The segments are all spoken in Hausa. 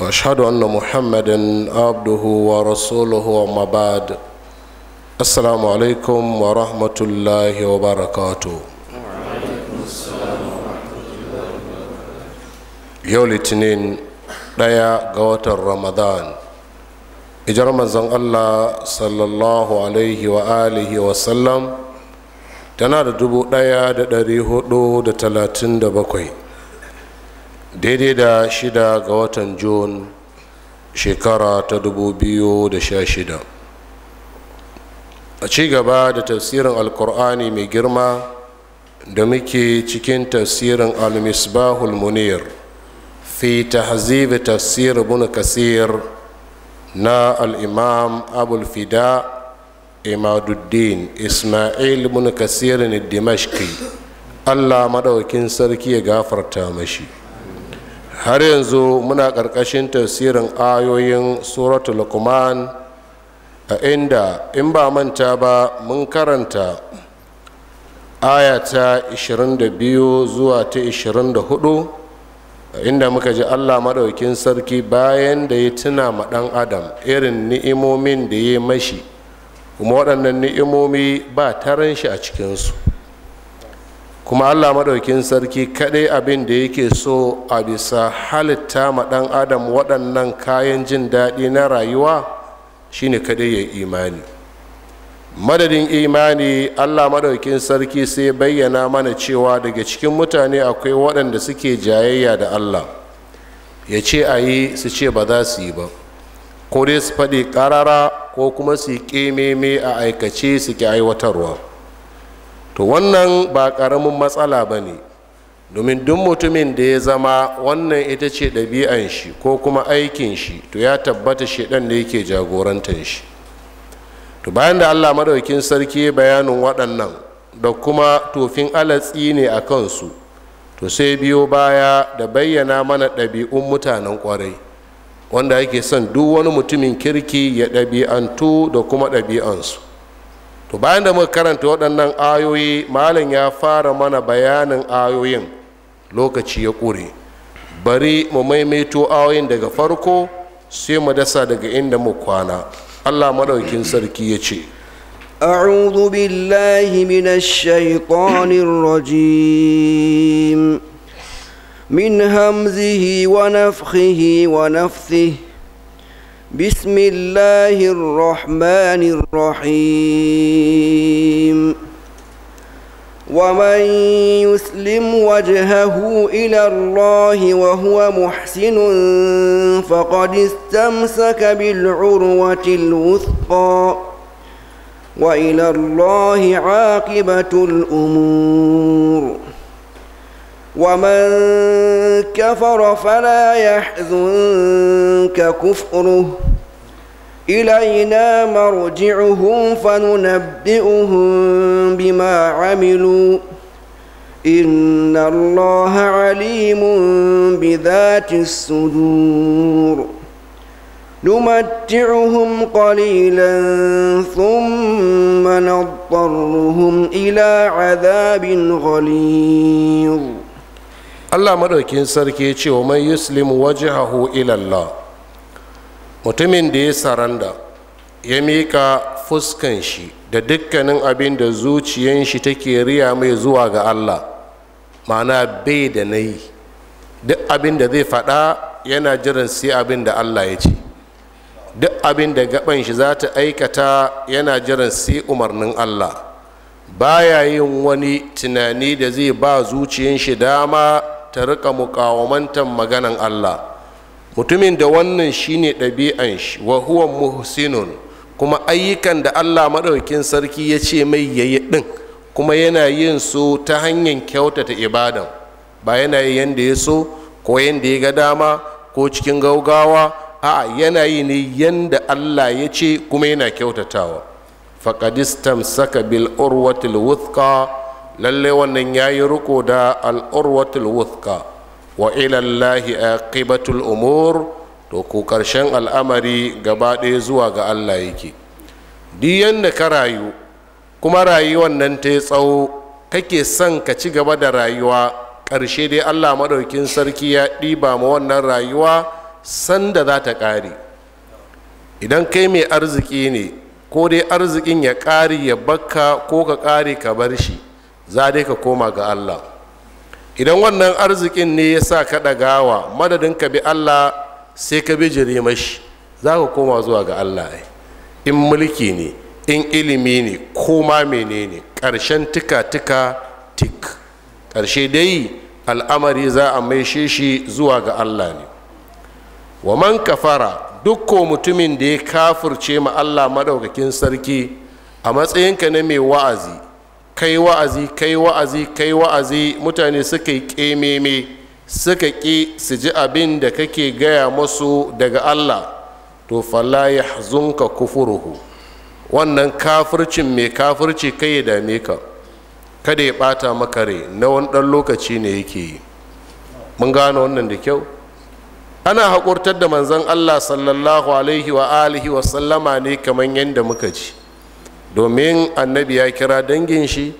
واشهد ان محمدا عبده ورسوله وما بعد السلام عليكم ورحمه الله وبركاته yau litinin ɗaya ga watan ramadan ijar manzon allah sallallahu alaihi wa alihi sallam tana da dubu ɗaya da ɗari hudu da talatin da bakwai daidai da shida ga watan jun shekara ta dubu biyu da sha shida a cigaba da tafsirin alkur'ani mai girma da muke cikin tafsirin al-misbahul munir fi tahzibi tafsir ibn kasir na al-imam abul fida imaduddin ismail ibn kasir ne dimashki allah madaukin sarki ya gafarta mashi har yanzu muna ƙarƙashin tafsirin ayoyin suratu lukman a inda in ba manta ba mun karanta aya ta 22 zuwa ta 24 inda muka ji allah maɗaukin sarki bayan da ya tuna ma ɗan adam irin ni'imomin da ya mashi kuma waɗannan ni'imomi ba taron shi a cikinsu kuma allah maɗaukin sarki kaɗai abin da yake so a bisa halitta ma ɗan adam waɗannan kayan jin daɗi na rayuwa shine kaɗai ya imani madadin imani allah maɗaukin sarki sai bayyana mana cewa daga cikin mutane akwai waɗanda suke jayayya da allah ya ce a yi su ce ba za su yi ba ko dai su faɗi ƙarara ko kuma su yi ƙememe a aikace suke aiwatarwa to wannan ba ƙaramin matsala ba ne domin duk mutumin da ya zama wannan ita ce ɗabi'an shi ko kuma aikin shi to ya tabbata ɗan da yake jagorantar shi to bayan da allah madaukin sarki bayanin waɗannan da kuma tofin alatsi ne a kansu to sai biyo baya da bayyana mana ɗabi'un mutanen ƙwarai wanda ake son duk wani mutumin kirki ya ɗabi'antu da kuma ɗabi'ansu to bayan da muka karanta waɗannan ayoyi malam ya fara mana bayanin ayoyin lokaci ya ƙure bari mu maimaito ayoyin daga farko sai mu dasa daga inda mu kwana allah maɗaukin sarki ya ce أعوذ بالله من الشيطان الرجيم من همزه ونفخه ونفثه بسم الله الرحمن الرحيم ومن يسلم وجهه إلى الله وهو محسن فقد استمسك بالعروة الوثقى وإلى الله عاقبة الأمور ومن كفر فلا يحزن ذلك كفره إلينا مرجعهم فننبئهم بما عملوا إن الله عليم بذات الصدور نمتعهم قليلا ثم نضطرهم إلى عذاب غليظ الله مدوكين سركي ومن يسلم وجهه إلى الله mutumin da ya saranda ya mika fuskan shi da dukkanin abin da zuciyan shi take riya mai zuwa ga allah ma'ana bai da na yi duk abin da zai faɗa yana jiran sai abin da allah ya ce duk abin da gaban shi za ta aikata yana jiran sai umarnin allah baya yin wani tunani da zai ba zuciyan shi dama ta rika mukawamantan maganan allah mutumin da wannan shine ɗabi'an shi wa huwa muhsinun kuma ayyukan da allah maɗaukin sarki ya ce mai yayi ɗin kuma yana yin su ta hanyar kyautata ibadan ba yana yi yadda ya so ko yadda ya ga dama ko cikin gaugawa a'a yana yi ne yadda allah ya ce kuma yana kyautatawa fakadistan saka bil urwatul wuthqa lallai wannan yayi riko da al urwatul wa ilallahi aqibatul umur to ko karshen al'amari gaba ɗaya zuwa ga allah yake duk yadda ka rayu kuma rayuwan nan ta yi tsawo kake son ka ci gaba da rayuwa ƙarshe dai allah maɗaukin sarki ya ɗiba ma wannan rayuwa sanda za ta ƙare idan kai mai arziki ne ko dai arzikin ya ƙare ya bakka ko ka ƙare ka bar shi za dai ka koma ga allah idan wannan arzikin ne ya sa ka ɗagawa madadin ka bi allah sai ka bi jirimashi za ka koma zuwa ga allah in mulki ne in ilimi ne ko ma menene ƙarshen tika-tika tik ƙarshe dai al'amari za a maishe shi zuwa ga allah ne wa man kafara dukko mutumin da ya kafirce ma allah maɗaukakin sarki a matsayinka na mai wa'azi kai wa'azi kai wa'azi kai wa'azi mutane suka yi ƙememe suka ƙi su ji abin da kake gaya masu daga allah to falla ya zunka kufuruhu wannan kafircin mai kafirci kai ya dame ka kada ya ɓata maka rai na wani ɗan lokaci ne yake yi mun gane wannan da kyau ana haƙurtar da manzon allah sallallahu alaihi wa alihi wa sallama ne kamar yadda muka ji domin annabi ya kira dangin shi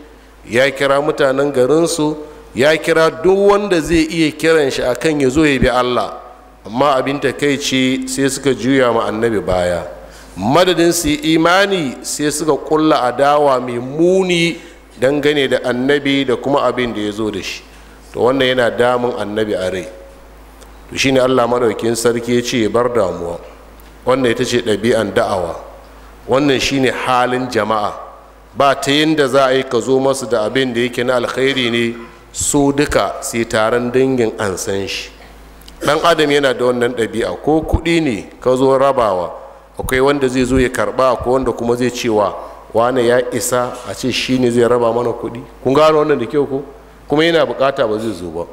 ya kira mutanen garinsu ya kira duk wanda zai iya kiran shi akan ya zo ya bi allah amma abin takaici sai suka juya ma annabi baya madadin su imani sai suka kulla adawa mai muni dangane da annabi da kuma abin da ya zo da shi to wannan yana damun annabi a rai to shine allah madaukin sarki ya ce bar damuwa wannan ita ce ɗabi'an da'awa wannan shine halin jama'a ba ta yadda za a yi ka zo masu da abin da yake na alkhairi ne su duka sai taron dangin an san shi dan adam yana da wannan ɗabi'a ko kuɗi ne ka zo rabawa akwai wanda zai zo ya karɓa ko wanda kuma zai cewa wane ya isa a ce shi ne zai raba mana kuɗi kun gano wannan da kyau ko kuma yana bukata ba zai zo ba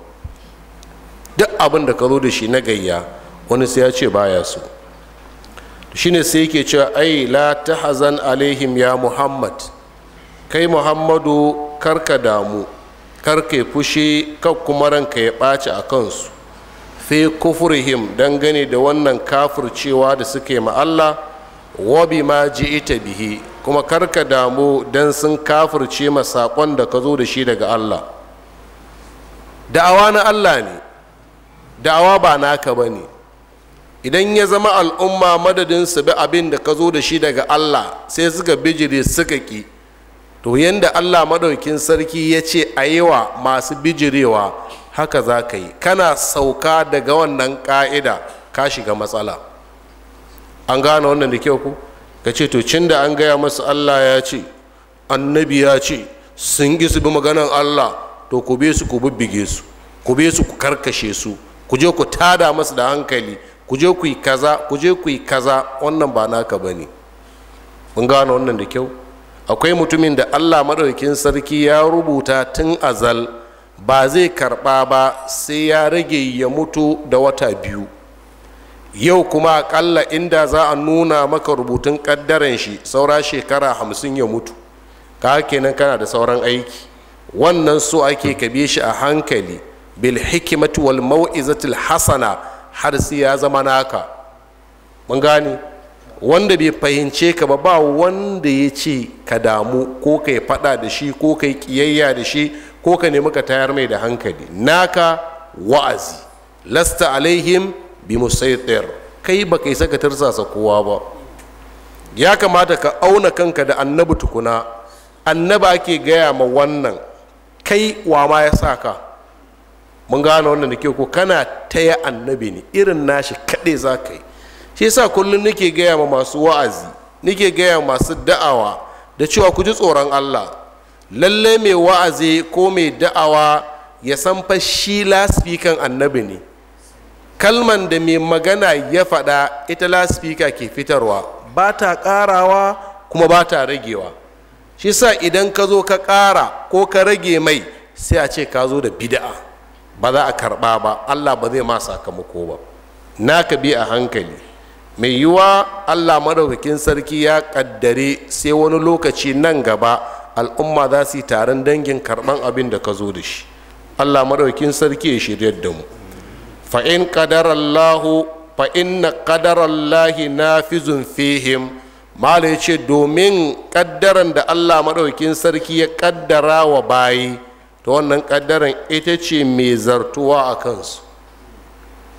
duk abin da ka zo da shi na gayya wani sai ya ce baya so shine sai yake cewa ai la hazan alaihim ya muhammad kai muhammadu karka damu karka fushe, kan kuma ranka ya ɓaci a kansu fi kufurihim dangane da wannan kafircewa da suke ma Allah Wobi ma ita bihi kuma karka damu don sun kafirce ma saƙon da ka zo da shi daga Allah da'awa na Allah ne da'awa ba naka ba ne. idan ya zama al'umma madadin su bi abin da ka zo da shi daga allah sai suka bijire suka ki to yadda allah madaukin sarki ya ce a yi wa masu bijirewa haka za ka yi kana sauka daga wannan ka'ida ka shiga matsala an gane wannan da kyau ku ka ce to cin da an gaya masu allah ya ce annabi ya ce sun gi su bi maganan allah to ku be su ku bibbige su ku be su ku karkashe su ku je ku tada masu da hankali ku je ku yi kaza ku je ku yi kaza wannan ba naka ba ne mun gano wannan da kyau akwai mutumin da allah maɗaukin sarki ya rubuta tun azal ba zai karɓa ba sai ya rage ya mutu da wata biyu yau kuma akalla inda za a nuna maka rubutun ƙaddaren shi saura shekara hamsin ya mutu ka kenan kana da sauran aiki wannan so ake kabe shi a hankali bil hikimati wal mau'izatil hasana har sai ya zama naka mun gane wanda bai fahimce ka ba ba wanda ya ce ka damu ko kai yi fada da shi ko ka yi kiyayya da shi ko ka nemi ka tayar mai da hankali naka wa'azi lasta alaihim bi musaitir kai ba kai saka tirsasa kowa ba ya kamata ka auna kanka da annabi tukuna annaba ake gaya ma wannan kai wa ma ya sa ka mun gane wannan da ke ko kana taya annabi ne irin nashi kaɗai za ka yi shi yasa kullum nake gaya ma masu wa'azi nake gaya masu da'awa da cewa ku ji tsoron allah lalle mai wa'azi ko mai da'awa ya san fa shi lasfikan annabi ne kalman da mai magana ya faɗa ita lasfika ke fitarwa ba ta ƙarawa kuma ba ta ragewa shi sa idan ka zo ka ƙara ko ka rage mai sai a ce ka zo da bida'a ba za a karɓa ba allah ba zai ma sakamako ba naka bi a hankali mai yiwa allah madaukakin sarki ya ƙaddare sai wani lokaci nan gaba al'umma za su yi taron dangin karɓan abin da ka zo da shi allah madaukakin sarki ya shirya da mu fa'in ƙadarallahu fa'in na ƙadarallahi na fi fihim mala ya ce domin ƙaddaran da allah maɗaukin sarki ya ƙaddara wa bayi to wannan kaddaren ita ce mai zartuwa a kansu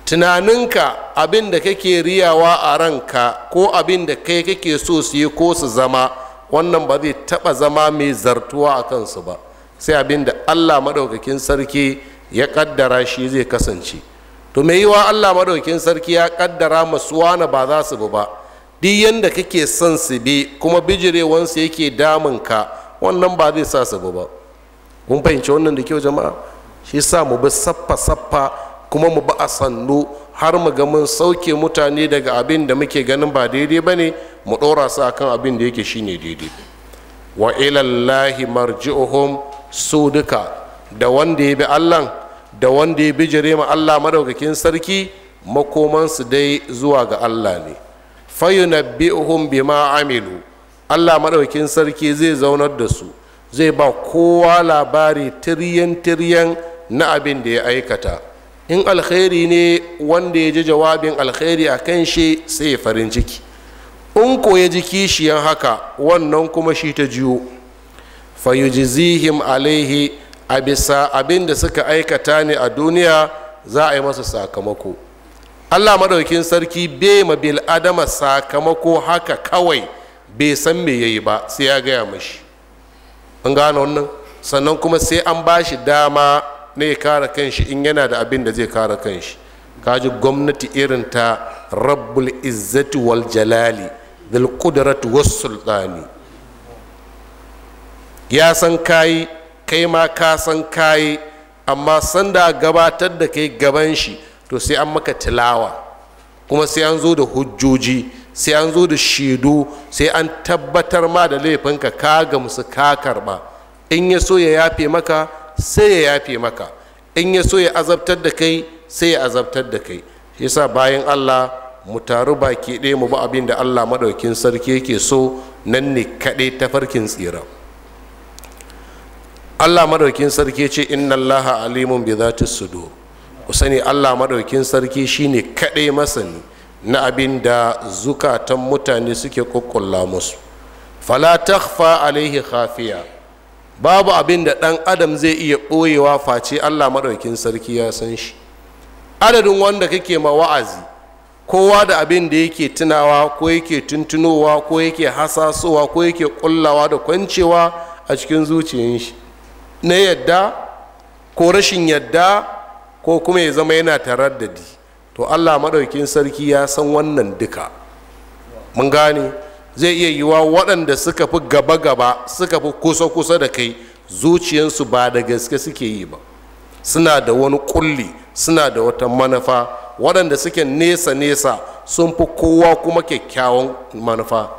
tunaninka abinda kake riyawa a ranka ko abin da kai kake so su yi ko su zama wannan ba zai taɓa zama mai zartuwa a kansu ba sai abinda da allah maɗaukakin sarki ya ƙaddara shi zai kasance to mai yiwa allah maɗaukakin sarki ya ƙaddara masu wane ba za su bi ba duk yadda kake son su bi kuma bijirewansu yake damunka wannan ba zai sa su bi ba mun fahimci wannan da kyau jama'a shi sa mu bi saffa saffa kuma mu bi a sannu har mu ga mun sauke mutane daga abin da muke ganin ba daidai ba ne mu ɗora su akan abin da yake shine daidai wa ilallahi marji'uhum su duka da wanda ya bi allah da wanda ya bi jirema allah madaukakin sarki makomansu dai zuwa ga allah ne fayunabbi'uhum bima amilu allah madaukakin sarki zai zaunar da su zai ba kowa labari tiryan-tiryan na abin da ya aikata in alkhairi ne wanda ya ji jawabin alkhairi a kan shi sai ya farin ciki in ko ya ji kishiyan haka wannan kuma shi ta jiyo fayujizihim alaihi a bisa abin da suka aikata ne a duniya za a yi masa sakamako allah madaukin sarki bai ma bil'adama adama sakamako haka kawai bai san me ya yi ba sai ya gaya mashi an gane wannan sannan kuma sai an ba shi dama na ya kare kanshi in yana da abin da zai kare kanshi kaji gwamnati irin ta rabbul izzati wal jalali dhul qudrati was sultani ya san kayi kai ma ka san kayi amma sanda gabatar da kai gaban shi to sai an maka tilawa kuma sai an zo da hujjoji sai an zo da shaidu sai an tabbatar ma da laifinka ka gamsu ka karba in ya so ya yafe maka sai ya yafe maka in ya so ya azabtar da kai sai ya azabtar da kai yasa bayan allah mu taru baki ɗaya mu ba abin da allah madaukin sarki yake so nan ne kaɗai farkin tsira allah maɗaukin sarki ce inna allaha alimun bi zati sudur ku sani allah maɗaukin sarki shine kaɗai masani na abin da zukatan mutane suke kukkulla musu fala fa alaihi khafiya babu abin da ɗan adam zai iya ɓoyewa face allah maɗaukin sarki ya san shi adadin wanda kake ma wa'azi kowa da abin da yake tunawa ko yake tuntunowa ko yake hasasowa ko yake kullawa da kwancewa a cikin zuciyar shi na yadda ko rashin yadda ko kuma ya zama yana taraddadi to allah maɗaukin sarki ya san wannan duka mun gane zai iya yiwa waɗanda suka fi gaba-gaba suka fi kusa-kusa da kai zuciyarsu ba da gaske suke yi ba suna da wani kulli suna da wata manufa waɗanda suke nesa-nesa sun fi kowa kuma kyakkyawan manufa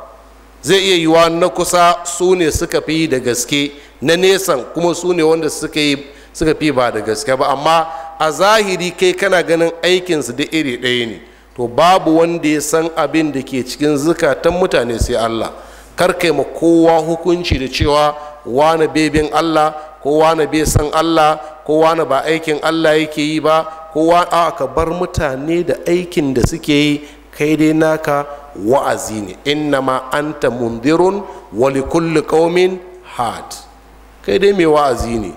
zai iya yiwa na kusa su ne suka fi da gaske na nesan kuma su ne wanda suka suka fi ba da gaske ba amma a zahiri kai kana ganin aikinsu da iri ɗaya ne to babu wanda ya san abin da ke cikin zukatan mutane sai allah kar kai ma kowa hukunci da cewa wane bebin allah ko wane bai san allah ko wane ba aikin allah yake yi ba ko a ka bar mutane da aikin da suke yi kai dai naka wa'azi ne innama anta mundirun wa likulli qaumin had kai dai mai wa'azi ne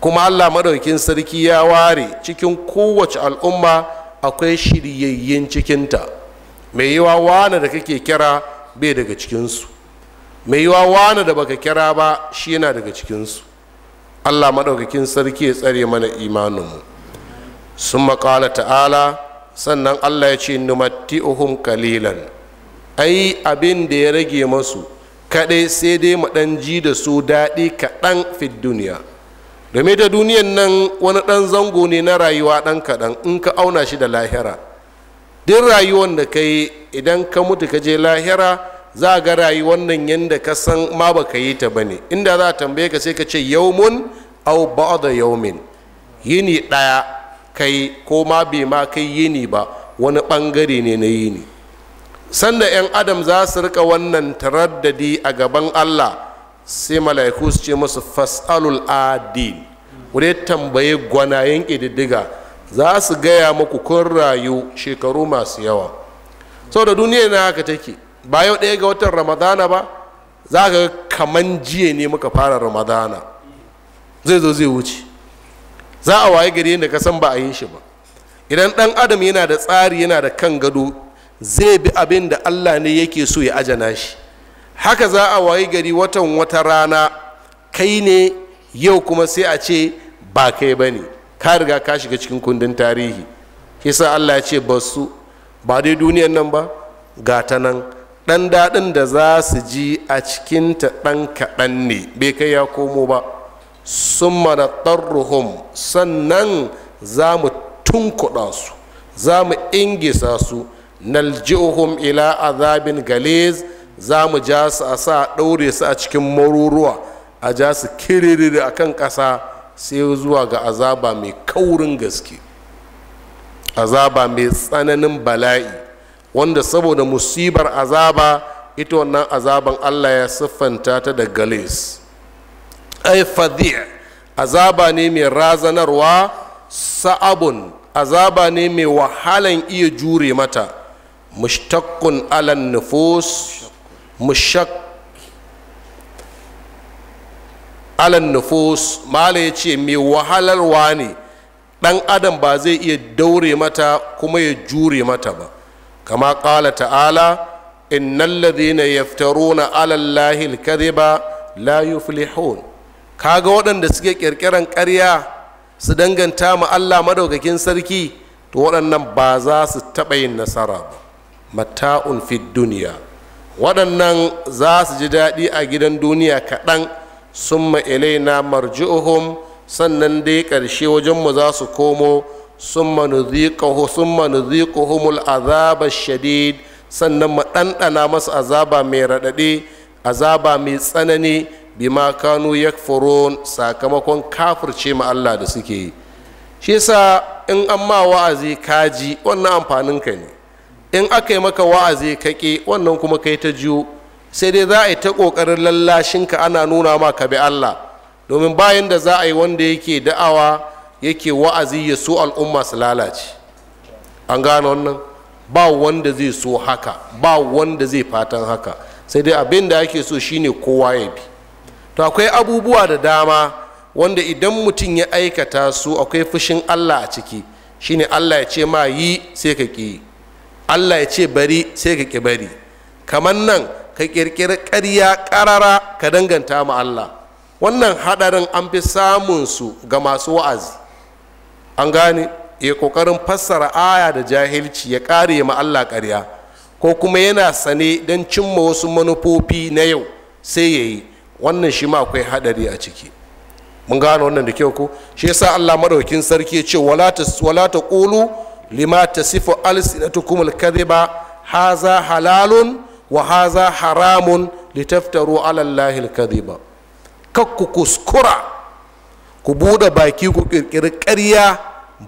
kuma allah maɗaukin sarki ya ware cikin kowace al'umma akwai shiryayyen cikinta mai yiwa wane da kake kira bai daga cikinsu mai yiwa wane da baka kira ba shi yana daga cikinsu allah maɗaukakin sarki ya tsare mana imaninmu sun maƙala ta'ala sannan allah ya ce uhun kalilan ai abin da ya rage masu kaɗai sai dai mu ɗan ji da su daɗi kaɗan fit duniya game ta duniyan nan wani ɗan zango ne na rayuwa ɗan kaɗan in ka auna shi da lahira duk rayuwan da ka yi idan ka mutu ka je lahira za ga rayuwan nan yadda ka san ma ba ka yi ta ba ne inda za a tambaye ka sai ka ce yaumun au ba'da yaumin yini ɗaya kai ko ma bai ma kai yini ba wani ɓangare ne na yini sanda 'yan adam za su rika wannan taraddadi a gaban allah sai mala'iku su ce masu fas'alul adin wadda dai tambaye gwanayen ƙididdiga za su gaya maku kun rayu shekaru masu yawa sau da duniya na haka take ba yau ɗaya ga watan ramadana ba za ka kaman jiya ne muka fara ramadana zai zo zai wuce za a waye gari yadda ka san ba a yi shi ba idan ɗan adam yana da tsari yana da kan gado zai bi abin da allah ne yake so ya ajana shi haka za a wayi gari watan wata rana kai ne yau kuma sai a ce ba kai ba ne ka riga ka shiga cikin kundin tarihi kisa allah ya ce ba su ba dai duniyan nan ba ga ta nan ɗan daɗin da za su ji a cikinta ɗan kaɗan ne bai kai ya komo ba sun mana sannan za mu tunkuɗa su za mu ingisa su naljihum ila azabin galiz za mu ja su a sa ɗaure su a cikin maruruwa a ja su kiriri a kan ƙasa sai zuwa ga azaba mai kaurin gaske azaba mai tsananin bala'i wanda saboda musibar azaba ita wannan azaban allah ya siffanta ta da galis ai fadhi'a azaba ne mai razanarwa sa'abun azaba ne mai wahalan iya jure mata mushtaqqun alan nufus mushak alan nufus mala ya ce mai wahalarwa ne ɗan adam ba zai iya daure mata kuma ya jure mata ba kama ƙala ta'ala innan ladina na alallahi ba la yuflihun kaga waɗanda suke ƙirƙiran ƙarya su danganta ma Allah madaukakin sarki to waɗannan ba za su taɓa yin nasara ba mata'un fi duniya waɗannan za su ji daɗi a gidan duniya kaɗan sun na marji'uhum sannan dai ƙarshe wajenmu za su komo sun manuziƙuhumul azaba shadid sannan mu ɗanɗana masu azaba mai raɗaɗe azaba mai tsanani bima kanu yakfurun sakamakon kafirce ma Allah da suke yi shi yasa in an ma wa'azi kaji wannan amfanin ka ne in aka yi maka wa'azi kake wannan kuma kai ta jiyo sai dai za a yi ta ƙoƙarin ka ana nuna ma ka bi allah domin bayan da za a yi wanda yake da'awa yake wa'azi ya so al'umma su lalace an gano wannan ba wanda zai so haka ba wanda zai fatan haka sai dai abin da ake so shine kowa ya bi to akwai abubuwa da dama wanda idan mutum ya aikata su akwai fushin allah a ciki shine allah ya ce ma yi sai ka ƙi yi allah ya ce bari sai ka ƙi bari kamar nan ka ƙirƙiri ƙarya ƙarara ka danganta ma allah wannan haɗarin an fi su ga masu wa'azi an gane ya ƙoƙarin fassara aya da jahilci ya ƙare ma allah ƙarya ko kuma yana sane don cimma wasu manufofi na yau sai ya yi wannan shi ma akwai haɗari a ciki mun gane wannan da kyau ko shi yasa allah maɗaukin sarki ya ce wala ta ƙulu lima tasifu alsinatukum alkadhiba haza halalun wa haza haramun litaftaru ala llahi alkadhiba kakku kuskura ku buɗe baki ku kirkiri ƙarya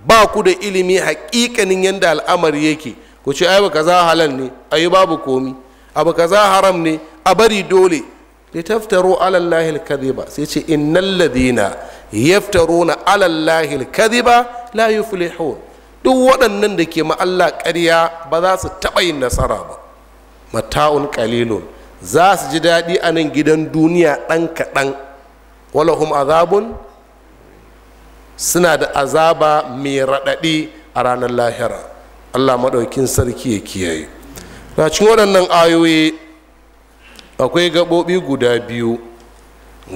ba ku da ilimi haƙiƙanin yadda al'amari yake ku ce ai kaza halal ne ayi babu komi abu kaza haram ne a bari dole litaftaru ala llahi alkadhiba sai ce innal ladina yaftaruna ala llahi alkadhiba la yuflihun duk waɗannan da ke ma'alla ƙarya ba za su taɓa yin nasara ba mata'un kalilun za su ji daɗi a nan gidan duniya ɗan kaɗan walahum azabun suna da azaba mai raɗaɗi a ranar lahira allah maɗaukin sarki ya kiyaye na cikin waɗannan ayoyi akwai gaɓoɓi guda biyu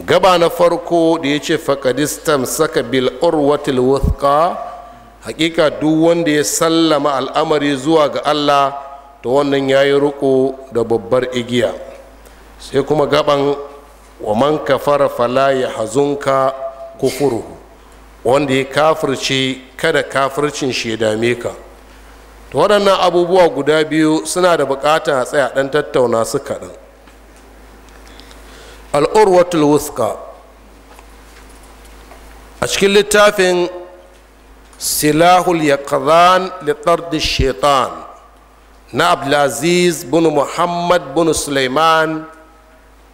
gaba na farko da ya ce Fakadistan saka bil urwatil wuthqa hakika duk wanda ya sallama al'amari zuwa ga allah to wannan ya yi riko da babbar igiya sai kuma gaban wa man kafara fala ya hazunka kufuru wanda ya kafirce kada kafircin shi ya dame ka to waɗannan abubuwa guda biyu suna da buƙatar a tsaya ɗan tattauna su kaɗan al'urwatul wuska a cikin littafin silahul yaqzan li tard shaitan na abdulaziz bin muhammad bin suleiman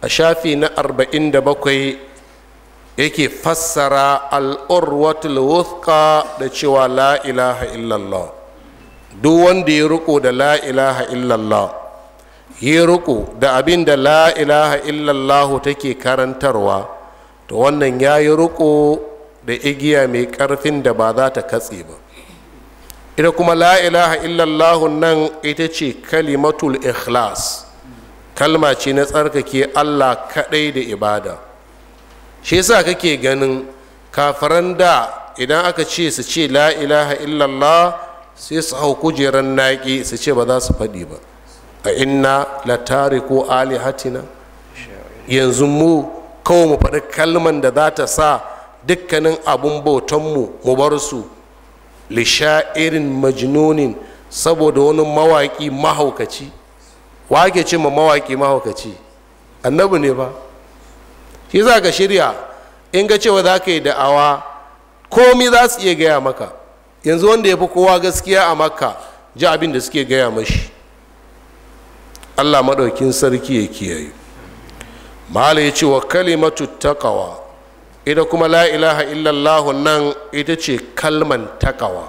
a shafi na arba'in da 47 yake fassara al'urwatul wuthqa da cewa la ilaha illallah duk wanda ya riko da la ilaha illallah ya riko da abin da la ilaha illallahu take karantarwa to wannan ya yi riko da igiya mai karfin da ba za ta katse ba ita kuma la ilaha illallah nan ita ce kalimatul ikhlas kalma ce na tsarkake allah kaɗai da ibada shi yasa kake ganin kafaran da idan aka ce su ce la ilaha illallah sai su hau kujeran naki su ce ba za su faɗi ba a inna la tariku alihatina yanzu mu kawai mu faɗi kalman da za ta sa dukkanin abun bautanmu mu bar su lishairin majnunin saboda wani mawaƙi mahaukaci wa ake ce ma mawaƙi mahaukaci annabi ne ba shi za ka shirya in ga cewa za ka yi da'awa komi za su iya gaya maka yanzu wanda ya fi kowa gaskiya a makka ji abin da suke gaya mashi allah maɗaukin sarki ya kiyaye mala ya ce wa kalimatu taqawa ita kuma la ilaha illallah nan ita ce kalman takawa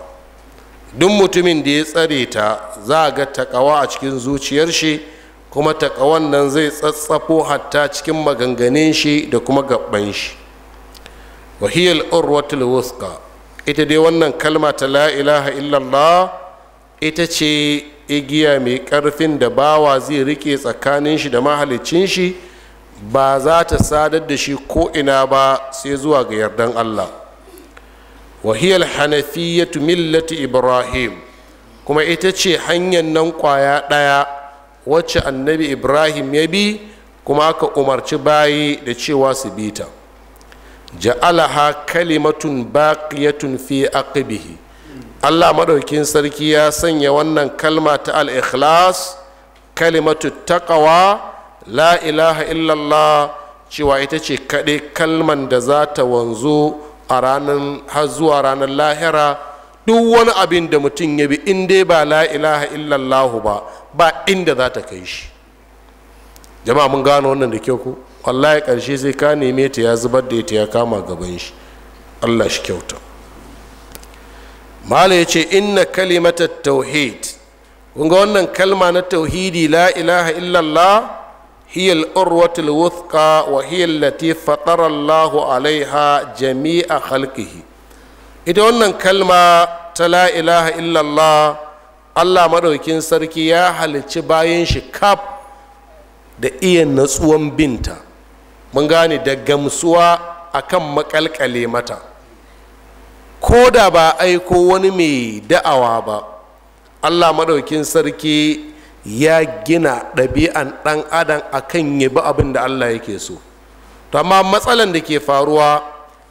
duk mutumin da ya tsare ta za a ga takawa a cikin zuciyar shi kuma takawan nan zai tsatsafo hatta cikin maganganin shi da kuma gaban shi hiyal urwatul wuska ita dai wannan kalma ta la ilaha illallah ita ce igiya mai karfin da bawa zai rike tsakanin shi da mahalicin shi ba za ta sadar da shi ko ina ba sai zuwa ga yardan allah wahiyar hanafiyatu millati ibrahim kuma ita ce hanyar nan kwaya ɗaya wacce annabi ibrahim ya bi kuma aka umarci bayi da cewa su bi ta ja'alaha kalimatun baqiyatun fi aqibihi Allah madaukin sarki ya sanya wannan kalma ta al-ikhlas kalimatu taqwa la ilaha illallah cewa ita ce kaɗai kalman da za ta wanzu a ranar har zuwa ranar lahira duk wani abin da mutum ya bi in dai ba la ilaha illallahu ba ba inda za ta kai shi jama'a mun gano wannan da kyau ku wallahi ƙarshe sai ka neme ta ya zubar da ita ya kama gaban shi allah shi kyauta mala ya ce inna kalimatar tauhid kun ga wannan kalma na tauhidi la ilaha illallah هي الأروة الوثقى وهي التي فطر الله عليها جميع خلقه إذا أن كلمة لا إله إلا الله Allah maɗaukin sarki ya halicci bayan shi da iya natsuwan binta mun gane da gamsuwa akan maƙalƙale mata ko da ba aiko wani mai da'awa ba Allah maɗaukin sarki ya gina ɗabi'an ɗan adam a akan yabi abin da allah yake so to amma matsalan da ke faruwa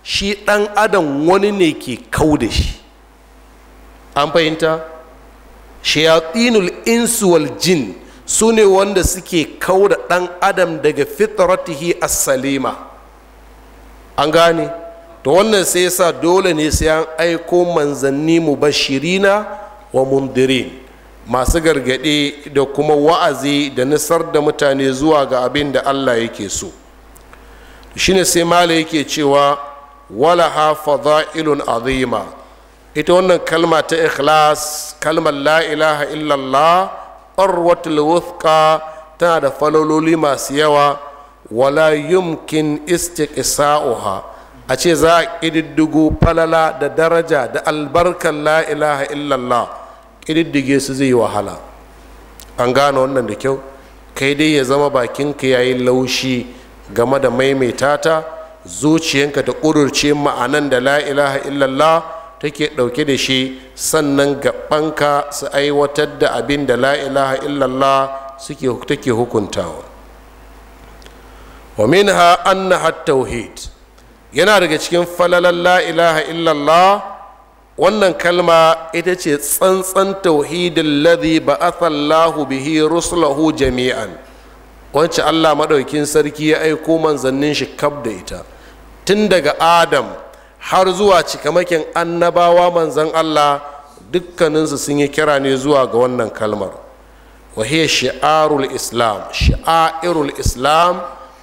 shi ɗan adam wani ne ke kau da shi an fahimta shayatinul insu wal jin su ne wanda suke kau da ɗan adam daga fitratihi as-salima an gane to wannan sai yasa dole ne sai an aiko manzanni mubashirina wa mundirin masu gargaɗe da kuma wa'azi da nisar da mutane zuwa ga abin da allah yake so shine sai mala yake cewa wala ha fada'ilun azima ita wannan kalma ta ikhlas kalmar Lailaha ilaha illallah ƙarwatul wuthqa tana da falololi masu yawa wala yumkin istiqsa'uha a ce za a ƙididdigo falala da daraja da albarkar la ilaha illallah ƙididdige su zai yi wahala an gane wannan da kyau kai dai ya zama bakinka ya yi laushi game da maimaita ta zuciyanka ta ƙudurce ma'anan da la ilaha illallah take ɗauke da shi sannan gabanka su aiwatar da abin da la ilaha illallah suke take hukuntawa wa minha annaha tauhid yana daga cikin falalan la'ilaha ilaha illallah wannan kalma ita ce tsantsan tauhidin ladhi ba'athallahu bihi rusulahu jami'an wacce Allah maɗaukin sarki ya aiko manzannin shi kab da ita tun daga Adam har zuwa cikamakin annabawa manzan Allah dukkaninsu sun yi kira ne zuwa ga wannan kalmar wa sha'arul islam shi'airul islam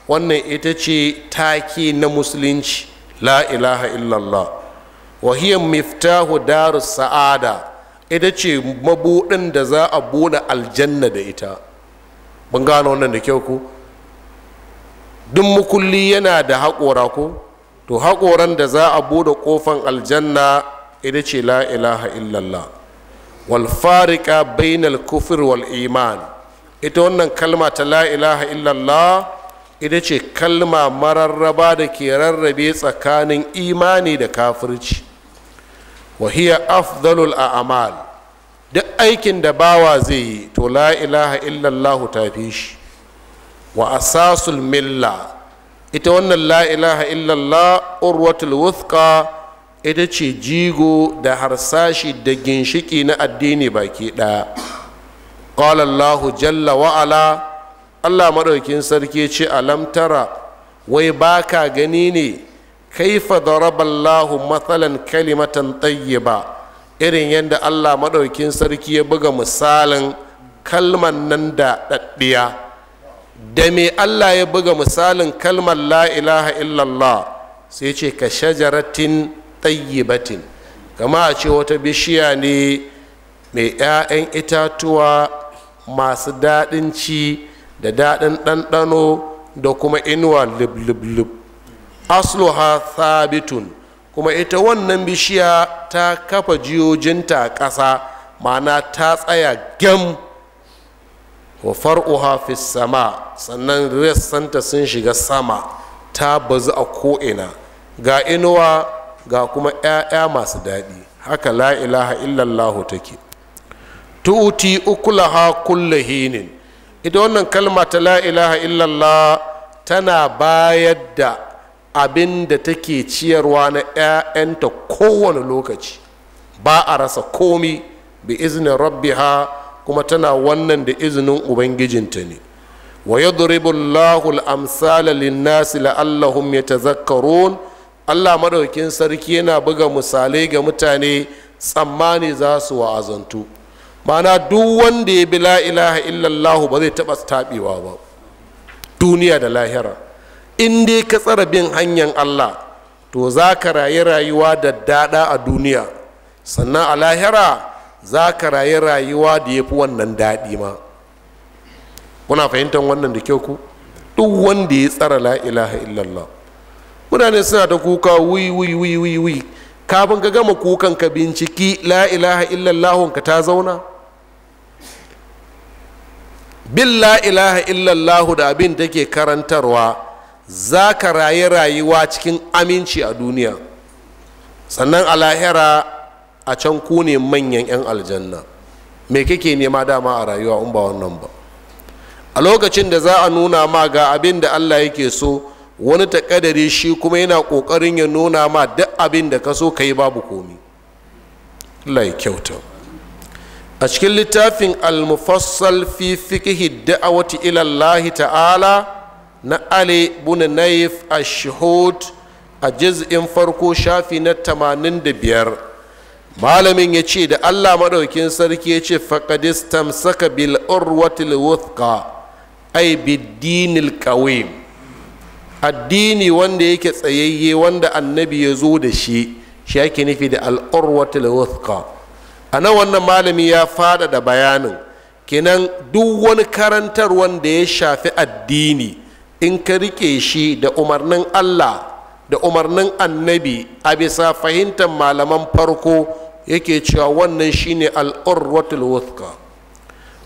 wannan ita ce take na musulunci la ilaha illallah Wahiyar miftahu darus sa'ada ita ce mabudin da za a buɗe aljanna da ita mun gano wannan da kyau ku duk mukulli yana da haƙora ko to haƙoran da za a buɗe kofan aljanna ita ce la ilaha illallah wal farika bainal kufr wal iman ita wannan kalma ta la ilaha illallah ita ce kalma mararraba da ke rarrabe tsakanin imani da kafirci wa hiya afdalul a'mal duk aikin da bawa zai yi to la ilaha illallah ta fi shi wa asasul milla ita wannan la ilaha illallah urwatul wuthqa ita ce jigo da harsashi da ginshiki na addini baki ɗaya qala allah jalla wa'ala allah maɗaukin sarki ce tara wai baka gani ne kaifa daraballahu matsalan kalimatan ɗayyiba irin yadda Allah maɗaukin sarki ya buga misalin kalman nan da ɗaɗɗiya da me Allah ya buga misalin kalmar la ilaha illallah sai ce ka shajaratin tayyibatin kama a ce wata bishiya ne mai 'ya'yan itatuwa masu daɗin ci da daɗin ɗanɗano da kuma inuwa lub lub lub asluha thabitun kuma ita wannan bishiya ta kafa jiyojinta ƙasa ma'ana ta tsaya gam wa far'uha fi sama sannan rassanta sun shiga sama ta bazu a ko'ina ga inuwa ga kuma 'ya'ya masu daɗi haka la ilaha illallahu take tu'ti ukulaha kulla hinin ita wannan kalma ta la ilaha illallah tana bayar da abin da take ciyarwa na 'ya'yanta kowane lokaci ba a rasa komi bi izinin rabbiha kuma tana wannan da izinin ubangijinta ne wa ya Allahu al Linnasi lin-nasi ta Allah madaukin sarki yana buga misalai ga mutane tsammani za su wa'azantu mana duk wanda ya bi la'ilaha illallahu ba zai taɓa taɓewa ba duniya da lahira in dai ka tsara bin hanyar allah to za ka rayu rayuwa da dada a duniya sannan a lahira za ka rayu rayuwa da ya fi wannan daɗi ma kuna fahimtar wannan da kyau ku duk wanda ya tsara la ilaha illallah mutane suna ta kuka wi wi wi wi wi kafin ka gama kukan ka binciki la ilaha illallah ka ta zauna bin la ilaha illallah da abin take karantarwa za ka rayu rayuwa cikin aminci a duniya sannan a lahira a can ku ne manyan 'yan aljanna me kake nema dama a rayuwa in ba wannan ba a lokacin da za a nuna ma ga abin da allah yake so wani takadari shi kuma yana kokarin ya nuna ma duk abin da ka so ka yi babu komi ya kyauta a cikin littafin al-mufassal fi fikihi da'awati ilallahi ta'ala na ali bin naif ashhud a juz'in farko shafi na tamanin da biyar malamin ya ce da allah maɗaukin sarki ya ce faƙadistam saka bil urwatil wuthqa ai biddinil qawim addini wanda yake tsayayye wanda annabi ya zo da shi shi yake nufi da al'urwatul wuthqa a nan wannan malami ya da bayanin kenan duk wani karantar wanda ya shafi addini in ka rike shi da umarnin allah da umarnin annabi a bisa fahimtar malaman farko yake cewa wannan shine al'urratul Wuska,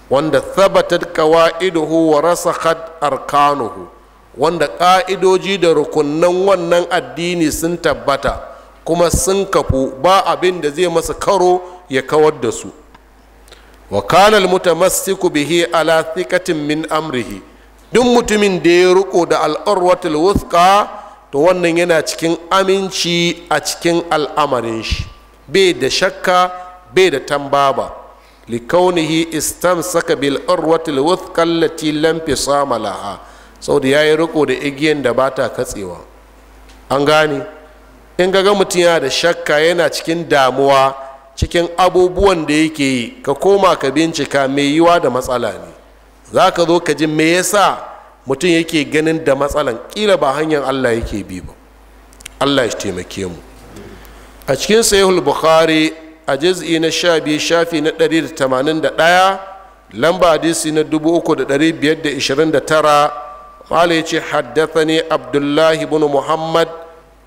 wanda thabatat qawaiduhu wa rasakhat arkanuhu wanda ka'idoji da rukunan wannan addini sun tabbata kuma sun kafu ba abin da zai masu karo ya kawar da su wa kana al-mutamassiku bihi ala thiqatin min amrihi duk mutumin da ya riko da al'urwatul wuska to wannan yana cikin aminci a cikin al'amarin shi bai da shakka bai da tambaba likaunihi istamsaka bil urwatil wuthqa allati lam fisama laha saboda yayi riko da igiyan da bata katsewa an gane in ga ga mutum yana da shakka yana cikin damuwa cikin abubuwan da yake yi ka koma ka bincika mai yiwa da matsala ne za ka zo ka ji me yasa mutum yake ganin da matsalan ƙila ba hanyar allah yake bi ba allah ya taimake mu a cikin sahihul bukhari a juz'i na sha biyu shafi na ɗari da tamanin da ɗaya lamba hadisi na dubu uku da ɗari biyar da ishirin da tara mala ya ce haddathani abdullahi bin muhammad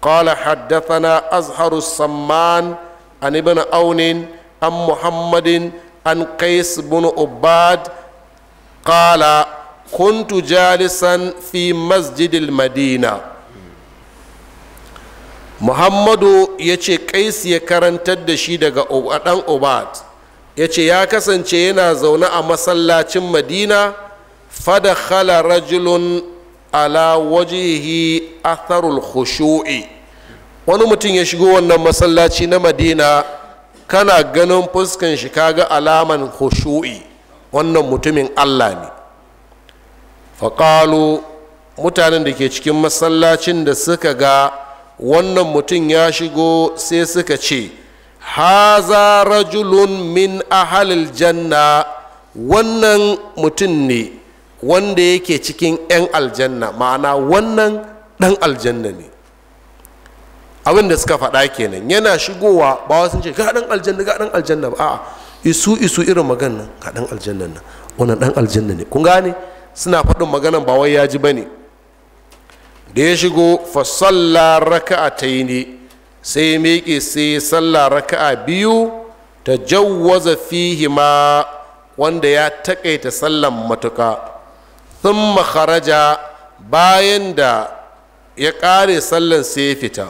qala haddathana azharu samman an ibn aunin an muhammadin an qais bin ubad kala kuntu jalisan fi masjidil madina muhammadu ya ce kais ya karantar da shi daga ɗan ubad ya ce ya kasance yana zaune a masallacin madina fadakhala rajulun ala wajihi atharul khushu'i wani mutum ya shigo wannan masallaci na madina kana ganin fuskan shi kaga alaman khushu'i wannan mutumin allah ne faƙalo mutanen da ke cikin masallacin da suka ga wannan mutum ya shigo sai suka ce haza rajulun min ahalil janna wannan mutum ne wanda yake cikin 'yan aljanna ma'ana wannan ɗan aljanna ne abin da suka faɗa kenan yana shigowa ba wasu ce ga ɗan aljanna ga ɗan aljanna ba a'a isu isu irin maganan ga dan aljanna nan wannan dan aljanna ne kun gane suna faɗin maganan ba wai ya ji bane da ya shigo fa salla raka'ataini sai ya miƙe sai salla raka'a biyu ta jawwaza fihi ma wanda ya taƙaita sallan matuƙa sun kharaja bayan da ya ƙare sallan sai ya fita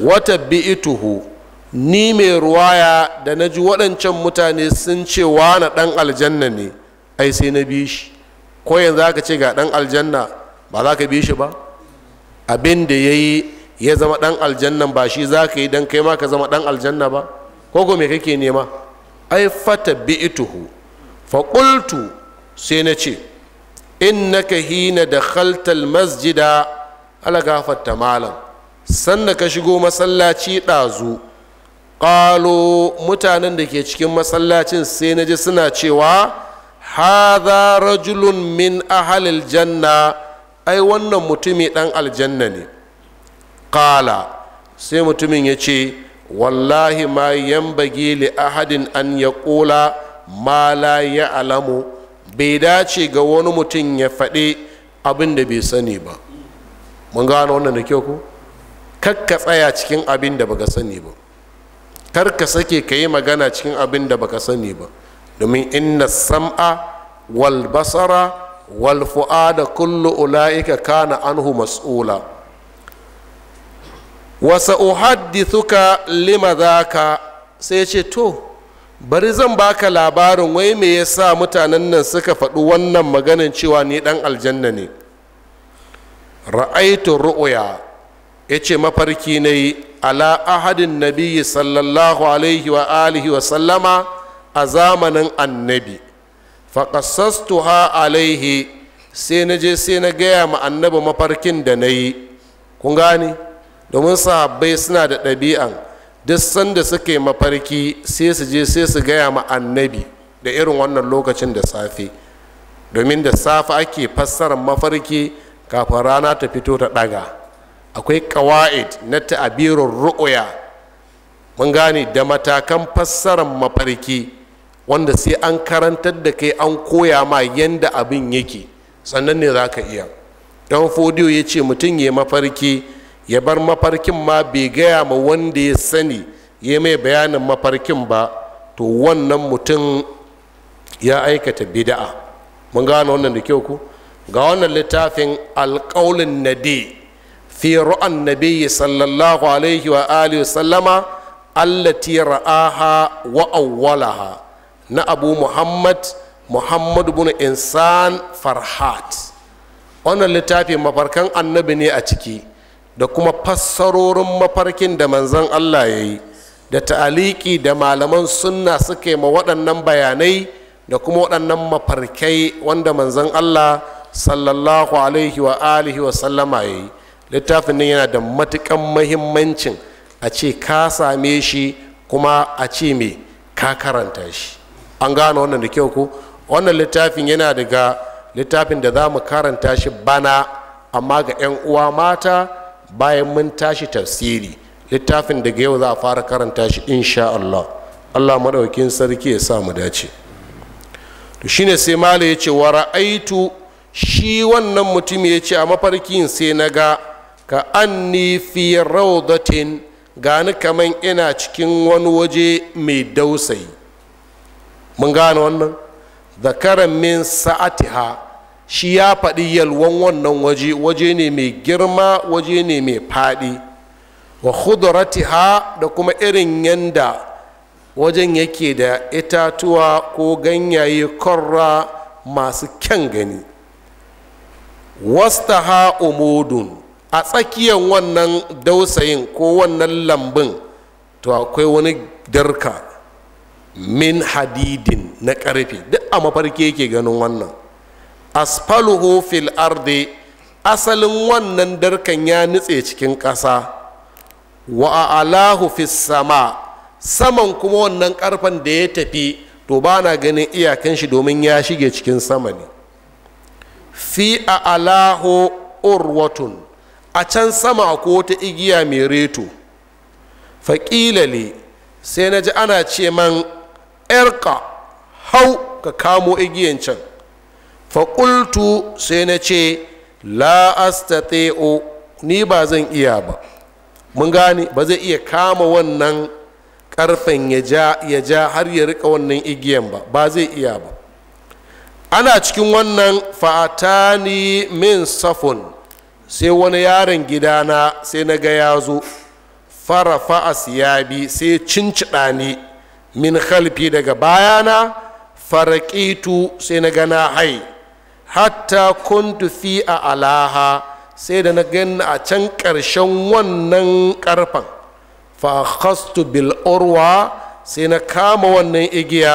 wata bi'ituhu ni mai ruwaya da na ji waɗancan mutane sun ce na ɗan aljanna ne ai sai na bi shi ko yanzu aka ce ga ɗan aljanna ba za ka bi shi ba abin da ya yi ya zama ɗan aljanna ba shi za ka yi don kai ma ka zama ɗan aljanna ba ko ko me kake nema ai fata bi'tuhu fa qultu sai na ce innaka hina da dakhalta masjida ala gafatta malam sanda ka shigo masallaci ɗazu ƙalo mutanen da ke cikin masallacin sai na ji suna cewa haza rajulun min ahalil janna ai wannan mutumi ɗan aljanna ne ƙala sai mutumin ya ce wallahi ma yambage li ahadin an ya ƙola ma la ya alamu bai dace ga wani mutum ya faɗi abin da bai sani ba mun gano wannan da kyau ku kakka tsaya cikin abin da baka sani ba kar ka sake ka yi magana cikin abin da baka sani ba domin inna sam'a wal basara wal fu'ada kullu ula'ika kana anhu mas'ula wa sa'uhaddithuka lima dhaka sai ce to bari zan baka labarin wai me yasa mutanen nan suka faɗi wannan maganin cewa ni dan aljanna ne ra'aitu ru'uya yace mafarki na ala ahadin nabiyyi sallallahu alaihi wa alihi wa sallama a zamanin annabi faƙasastuha alaihi sai na je sai na gaya ma annabi mafarkin da na yi kun gane domin sahabbai suna da ɗabi'an duk sanda suke mafarki sai su je sai su gaya ma annabi da irin wannan lokacin da safe domin da safe ake fassarar mafarki kafin rana ta fito ta ɗaga akwai ƙawa'id na ta'abirun ru'uya mun gane da matakan fassarar mafarki wanda sai an karantar da kai an koya ma yanda abin yake sannan ne za ka iya don fodiyo ya ce mutum ya mafarki ya bar mafarkin ma bai gaya ma wanda ya sani ya mai bayanin mafarkin ba to wannan mutum ya aikata bida'a mun gane wannan da kyau ku ga wannan littafin alƙaulin nadi fi ru'an nabiyyi sallallahu alaihi wa alihi sallama allati ra'aha wa awwalaha na abu muhammad muhammad bin insan farhat wannan littafin mafarkan annabi ne a ciki da kuma fassarorin mafarkin da manzon allah ya yi da ta'aliki da malaman sunna suka yi ma waɗannan bayanai da kuma waɗannan mafarkai wanda manzon allah sallallahu alaihi wa alihi wa sallama ya yi littafin nan yana da matukan mahimmancin a ce ka same shi kuma a ce me ka karanta shi an gano wannan da kyau ko wannan littafin yana daga littafin da za mu karanta shi bana amma ga 'yan uwa mata bayan mun tashi tafsiri littafin daga yau za a fara karanta shi insha Allah Allah maɗaukin sarki ya sa mu dace to shine sai mala ya ce wa ra'aitu shi wannan mutum ya ce a mafarkin sai na ga ka anni fi raudatin gani kaman ina cikin wani waje mai dausayi mun gane wannan zakaran min sa'atiha shi ya faɗi yalwan wannan waje waje ne mai girma waje ne mai faɗi wa khudratiha da kuma irin yanda wajen yake da itatuwa ko ganyaye korra masu kyan gani Wasta ha umudun a tsakiyar wannan dausayin ko wannan lambun to akwai wani darka min hadidin na karfe duk a mafarki yake ganin wannan asfaluhu fil arde asalin wannan darkan ya nutse cikin ƙasa wa alahu fis sama saman kuma wannan karfen da ya tafi to ba na ganin iyakan shi domin ya shige cikin sama ne fi a alahu urwatun a can sama ko wata igiya mai reto faƙilale sai na ji ana ce man yarka hau ka kamo igiyan can faƙultu sai na ce la ni ba zan iya ba mun gane ba zai iya kama wannan karfen ya ja har ya rika wannan igiyan ba ba zai iya ba ana cikin wannan fa'atani min safon sai wani yaron gidana sai na ga ya zo fa'as ya bi sai cinciɗa ni min halfi daga bayana farakitu sai na gana hai hatta kuntu fi a alaha sai da na gani a can ƙarshen wannan ƙarfen fahastu bil urwa sai na kama wannan igiya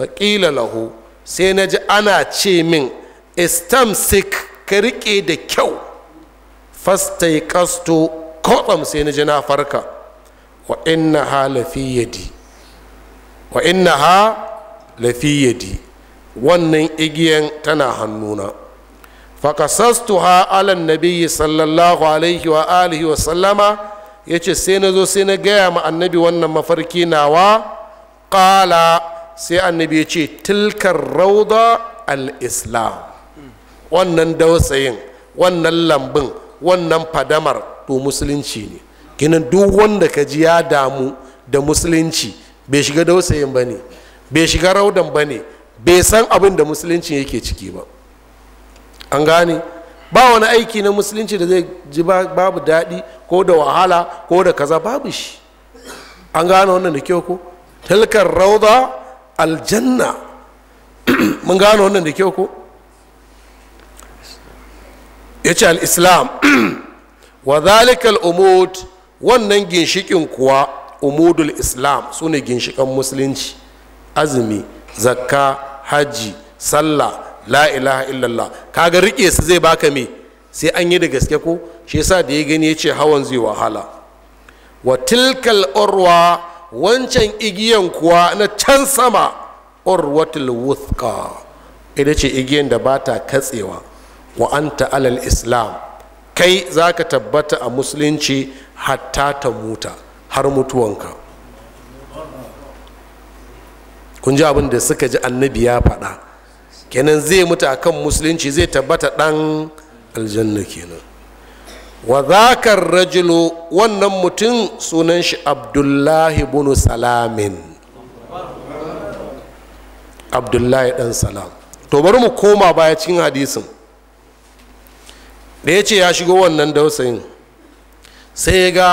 faƙila lahu sai na ji ana ce min istamsik ka riƙe da kyau fastai kasto kotsam sai na ji na farka wa inna ha lafi yadi wa inna ha lafi yadi wannan igiyan tana hannuna fakasastu ha alan nabiyyi sallallahu alaihi wa alihi wa sallama ya ce sai na zo sai na gaya ma annabi wannan mafarki nawa ƙala sai annabi ya ce tilkar rauda al-islam wannan dausayin wannan lambun wannan fadamar to musulunci ne kinan duk wanda ka ji ya damu da musulunci bai shiga dausayin ba ne bai shiga raudan ba ne bai san abin da musulunci yake ciki ba an gane ba wani aiki na musulunci da zai ji babu daɗi ko da wahala ko da kaza babu shi an gane wannan da kyau ko tilkar rauda aljanna mun gane wannan da kyau ko ya ce al'islam wa zalikal umud wannan ginshikin kuwa umudul islam su ne ginshikan musulunci azumi zakka hajji sallah la ilaha illallah ga riƙe su zai baka me sai an yi da gaske ko shi yasa da ya gani ya ce hawan zai wahala wa tilkal urwa wancan igiyan kuwa na can sama urwatul wuthqa ita ce igiyan da ba ta katsewa wa anta alal islam kai za ka tabbata a musulunci hatta ta muta har mutuwanka kun ji abin da suka ji annabi ya faɗa kenan zai mutu kan musulunci zai tabbata ɗan aljanna kenan wa zakar rajulu wannan mutum sunan shi abdullahi bunu salamin abdullahi dan salam to bari mu koma baya cikin hadisin da ya ce ya shigo wannan dausayin sai ya ga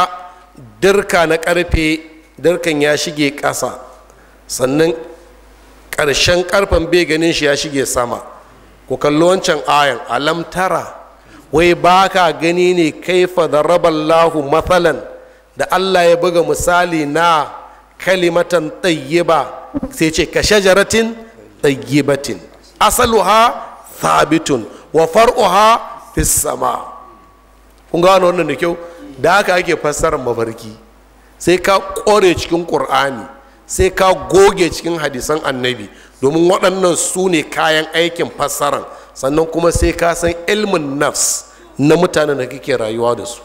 dirka na karfe dirkan ya shige ƙasa sannan ƙarshen karfen bai ganin shi ya shige sama ku kalli wancan ayan alam tara wai ba ka gani ne kaifa da raballahu matsalan da allah ya buga misali na kalimatan tayyiba sai ce ka shajaratin tayyibatin asaluha thabitun wa far'uha fissama sama kun gano wannan da kyau da haka ake fassarar mafarki sai ka kore cikin ƙur'ani sai ka goge cikin hadisan annabi domin waɗannan su ne kayan aikin fassaran sannan kuma sai ka san ilmin nafs na mutanen da kake rayuwa da su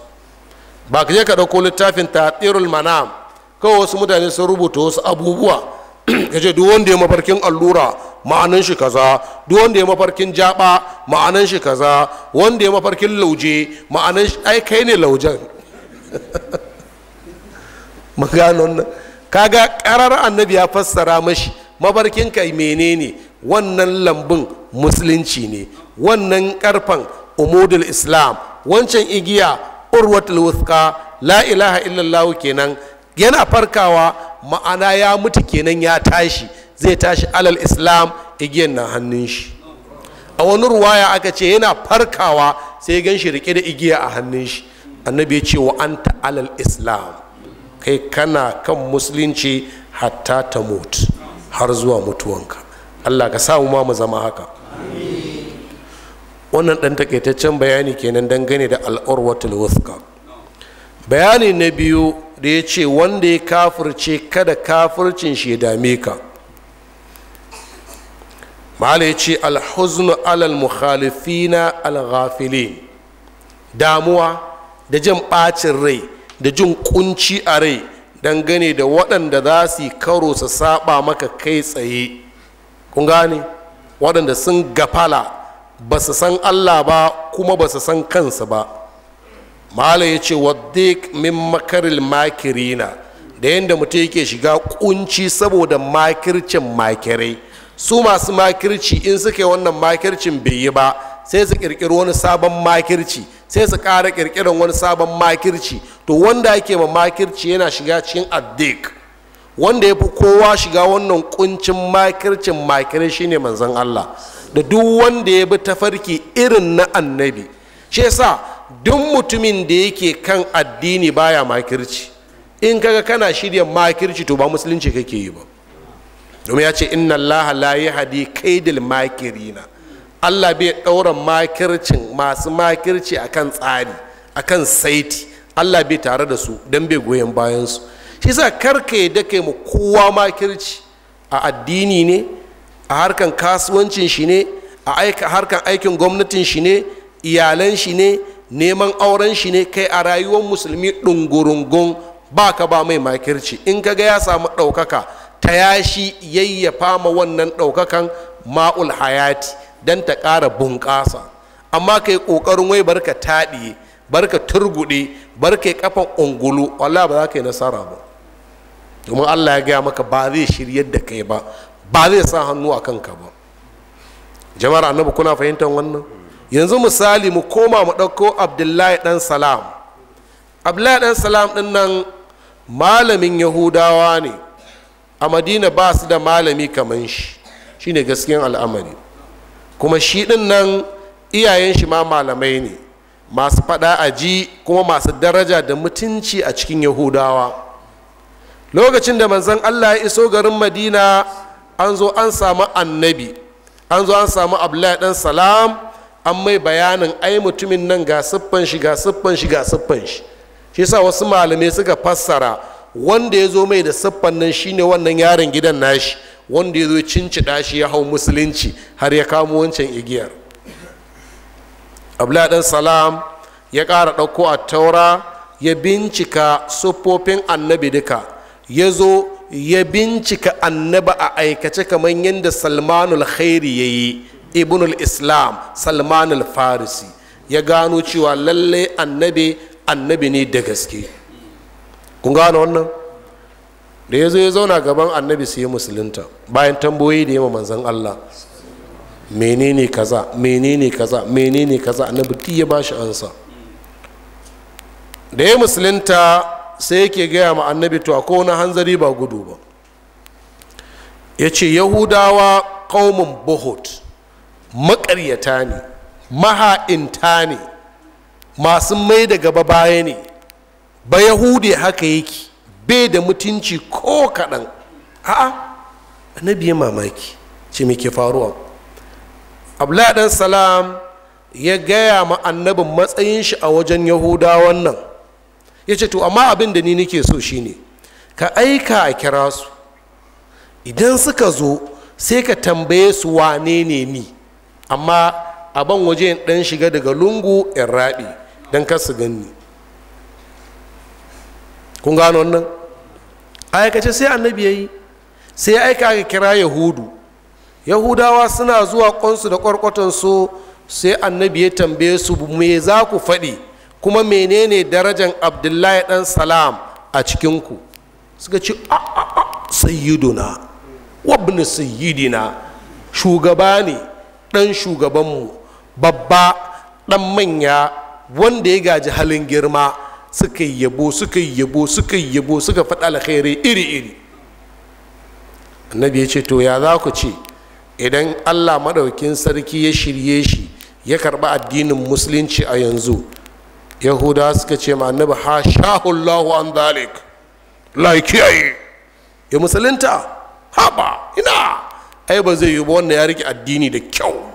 ba ka je ka ɗauko littafin tatirul manam kawai wasu mutane sun rubuta wasu abubuwa ka ce duk wanda ya mafarkin allura ma'anan shi kaza duk wanda ya mafarkin jaba ma'anan shi kaza wanda ya mafarkin lauje ma'anan shi ai kai ne laujen maganon kaga karar annabi ya fassara mashi mafarkin kai menene wannan lambun musulunci ne wannan karfan umudul islam wancan igiya urwatul wuska la ilaha illallah kenan yana farkawa ma'ana ya mutu kenan ya tashi zai tashi alal islam igiyan na hannun shi a wani ruwaya aka ce yana farkawa sai gan shi rike da igiya a hannun shi annabi ya ce wa anta alal islam kai kana kan musulunci hatta ta mutu har zuwa mutuwanka allah ka samu ma mu zama haka wannan ɗan takaitaccen bayani kenan dangane da al'urwatul wuska bayani na biyu da ya ce wanda ya kafirce kada kafircin shi ya dame ka mala ya ce alhuznu alal mukhalifina alghafili damuwa da jin ɓacin rai da jin kunci a rai dangane da waɗanda za su yi karo su saba maka kai tsaye kun gane waɗanda sun gafala ba su san allah ba kuma ba su san kansu ba mala ya ce waddik min makaril makirina da yadda mutum yake shiga kunci saboda makircin makirai su masu makirci in suka yi wannan makircin bai yi ba sai su kirkiri wani sabon makirci sai su ƙara kirkiran wani sabon makirci to wanda ake ma makirci yana shiga cikin addik wanda ya fi kowa shiga wannan kuncin makircin makirai ne manzon Allah da duk wanda ya bi tafarki irin na annabi shi yasa duk mutumin da yake kan addini baya makirci in kaga kana shirya makirci to ba musulunci kake yi ba domin ya ce inna allaha la yahdi kaidil makirina allah bai daura makircin masu makirci akan tsari akan saiti allah bai tare da su don bai goyon bayansu shi sa karka yadda kai mu kowa makirci a addini ne a harkan kasuwancin shi ne a harkan aikin gwamnatin shi ne iyalan shi ne neman auren shi ne kai a rayuwar musulmi ɗungurungun ba ka ba mai makirci in ka ga ya samu ɗaukaka ta yashi yayyafa ma wannan ɗaukakan ma'ul hayati don ta ƙara bunƙasa amma ka yi ƙoƙarin wai barka taɗi barka turguɗe barka kafan ungulu wallah ba za ka yi nasara ba domin allah ya gaya maka ba zai shiryar da kai ba ba zai sa hannu a kanka ba jama'ar annabi kuna fahimtar wannan yanzu misali mu koma mu ɗauko abdullahi ɗan salam abdullahi ɗan salam ɗin nan malamin yahudawa ne a madina ba su da malami kamar shi shi ne gaskiyan al'amari kuma shi ɗin nan iyayen shi ma malamai ne masu faɗa a ji kuma masu daraja da mutunci a cikin yahudawa lokacin da manzon allah ya iso garin madina an zo an samu annabi an zo an samu abdullahi dan salam an mai bayanin ai mutumin nan ga siffan shi ga siffan shi ga siffan shi shi sa wasu malamai suka fassara wanda ya zo mai da siffan nan shine wannan yaron gidan nashi wanda ya zo cincida shi ya hau musulunci har ya kamo wancan igiyar abla salam ya ƙara ɗauko a taura ya bincika siffofin annabi duka ya zo ya bincika annaba a aikace kamar yadda salmanul khairi ya yi ibnul islam salmanul farisi ya gano cewa lallai annabi annabi ne da gaske kun gano wannan da ya zo ya zauna gaban annabi su yi musulunta bayan tamboyi da yamma manzan allah menene kaza menene kaza menene kaza annabi duk ya bashi ansa da ya musulunta sai yake gaya ma annabi to akwai wani hanzari ba gudu ba ya ce yahudawa ƙaumin buhut maƙaryata ne maha'inta ne masu mai da gaba baya ne ba yahudi haka yake bai da mutunci ko kaɗan a'a annabi ya mamaki ce me ke faruwa abdullahi ɗan salam ya gaya ma annabin matsayin shi a wajen yahuda wannan ya ce to amma abin da ni nake so shine ka aika a kira su idan suka zo sai ka tambaye su wane ne ni amma a ban waje ɗan shiga daga lungu in raɗi don kar su ganni kun gano wannan aikace sai annabi ya yi sai ya aika aka kira yahudu yahudawa suna zuwa kwansu da kwarkwatansu sai annabi ya tambaye su me za ku faɗi kuma menene darajan abdullahi dan salam a cikinku suka ce a a a sayyiduna wabni sayyidina shugaba ne ɗan shugabanmu babba ɗan manya wanda ya gaji halin girma suka yabo suka yabo suka yabo suka faɗa alkhairi iri-iri annabi ya ce to ya za ku ce idan allah maɗaukin sarki ya shirye shi ya karɓi addinin musulunci a yanzu yahuda suka ce ma annabi ha shahullahu an zalik la kiyaye ya musulunta haba ina ai ba zai yi ba wannan ya rike addini da kyau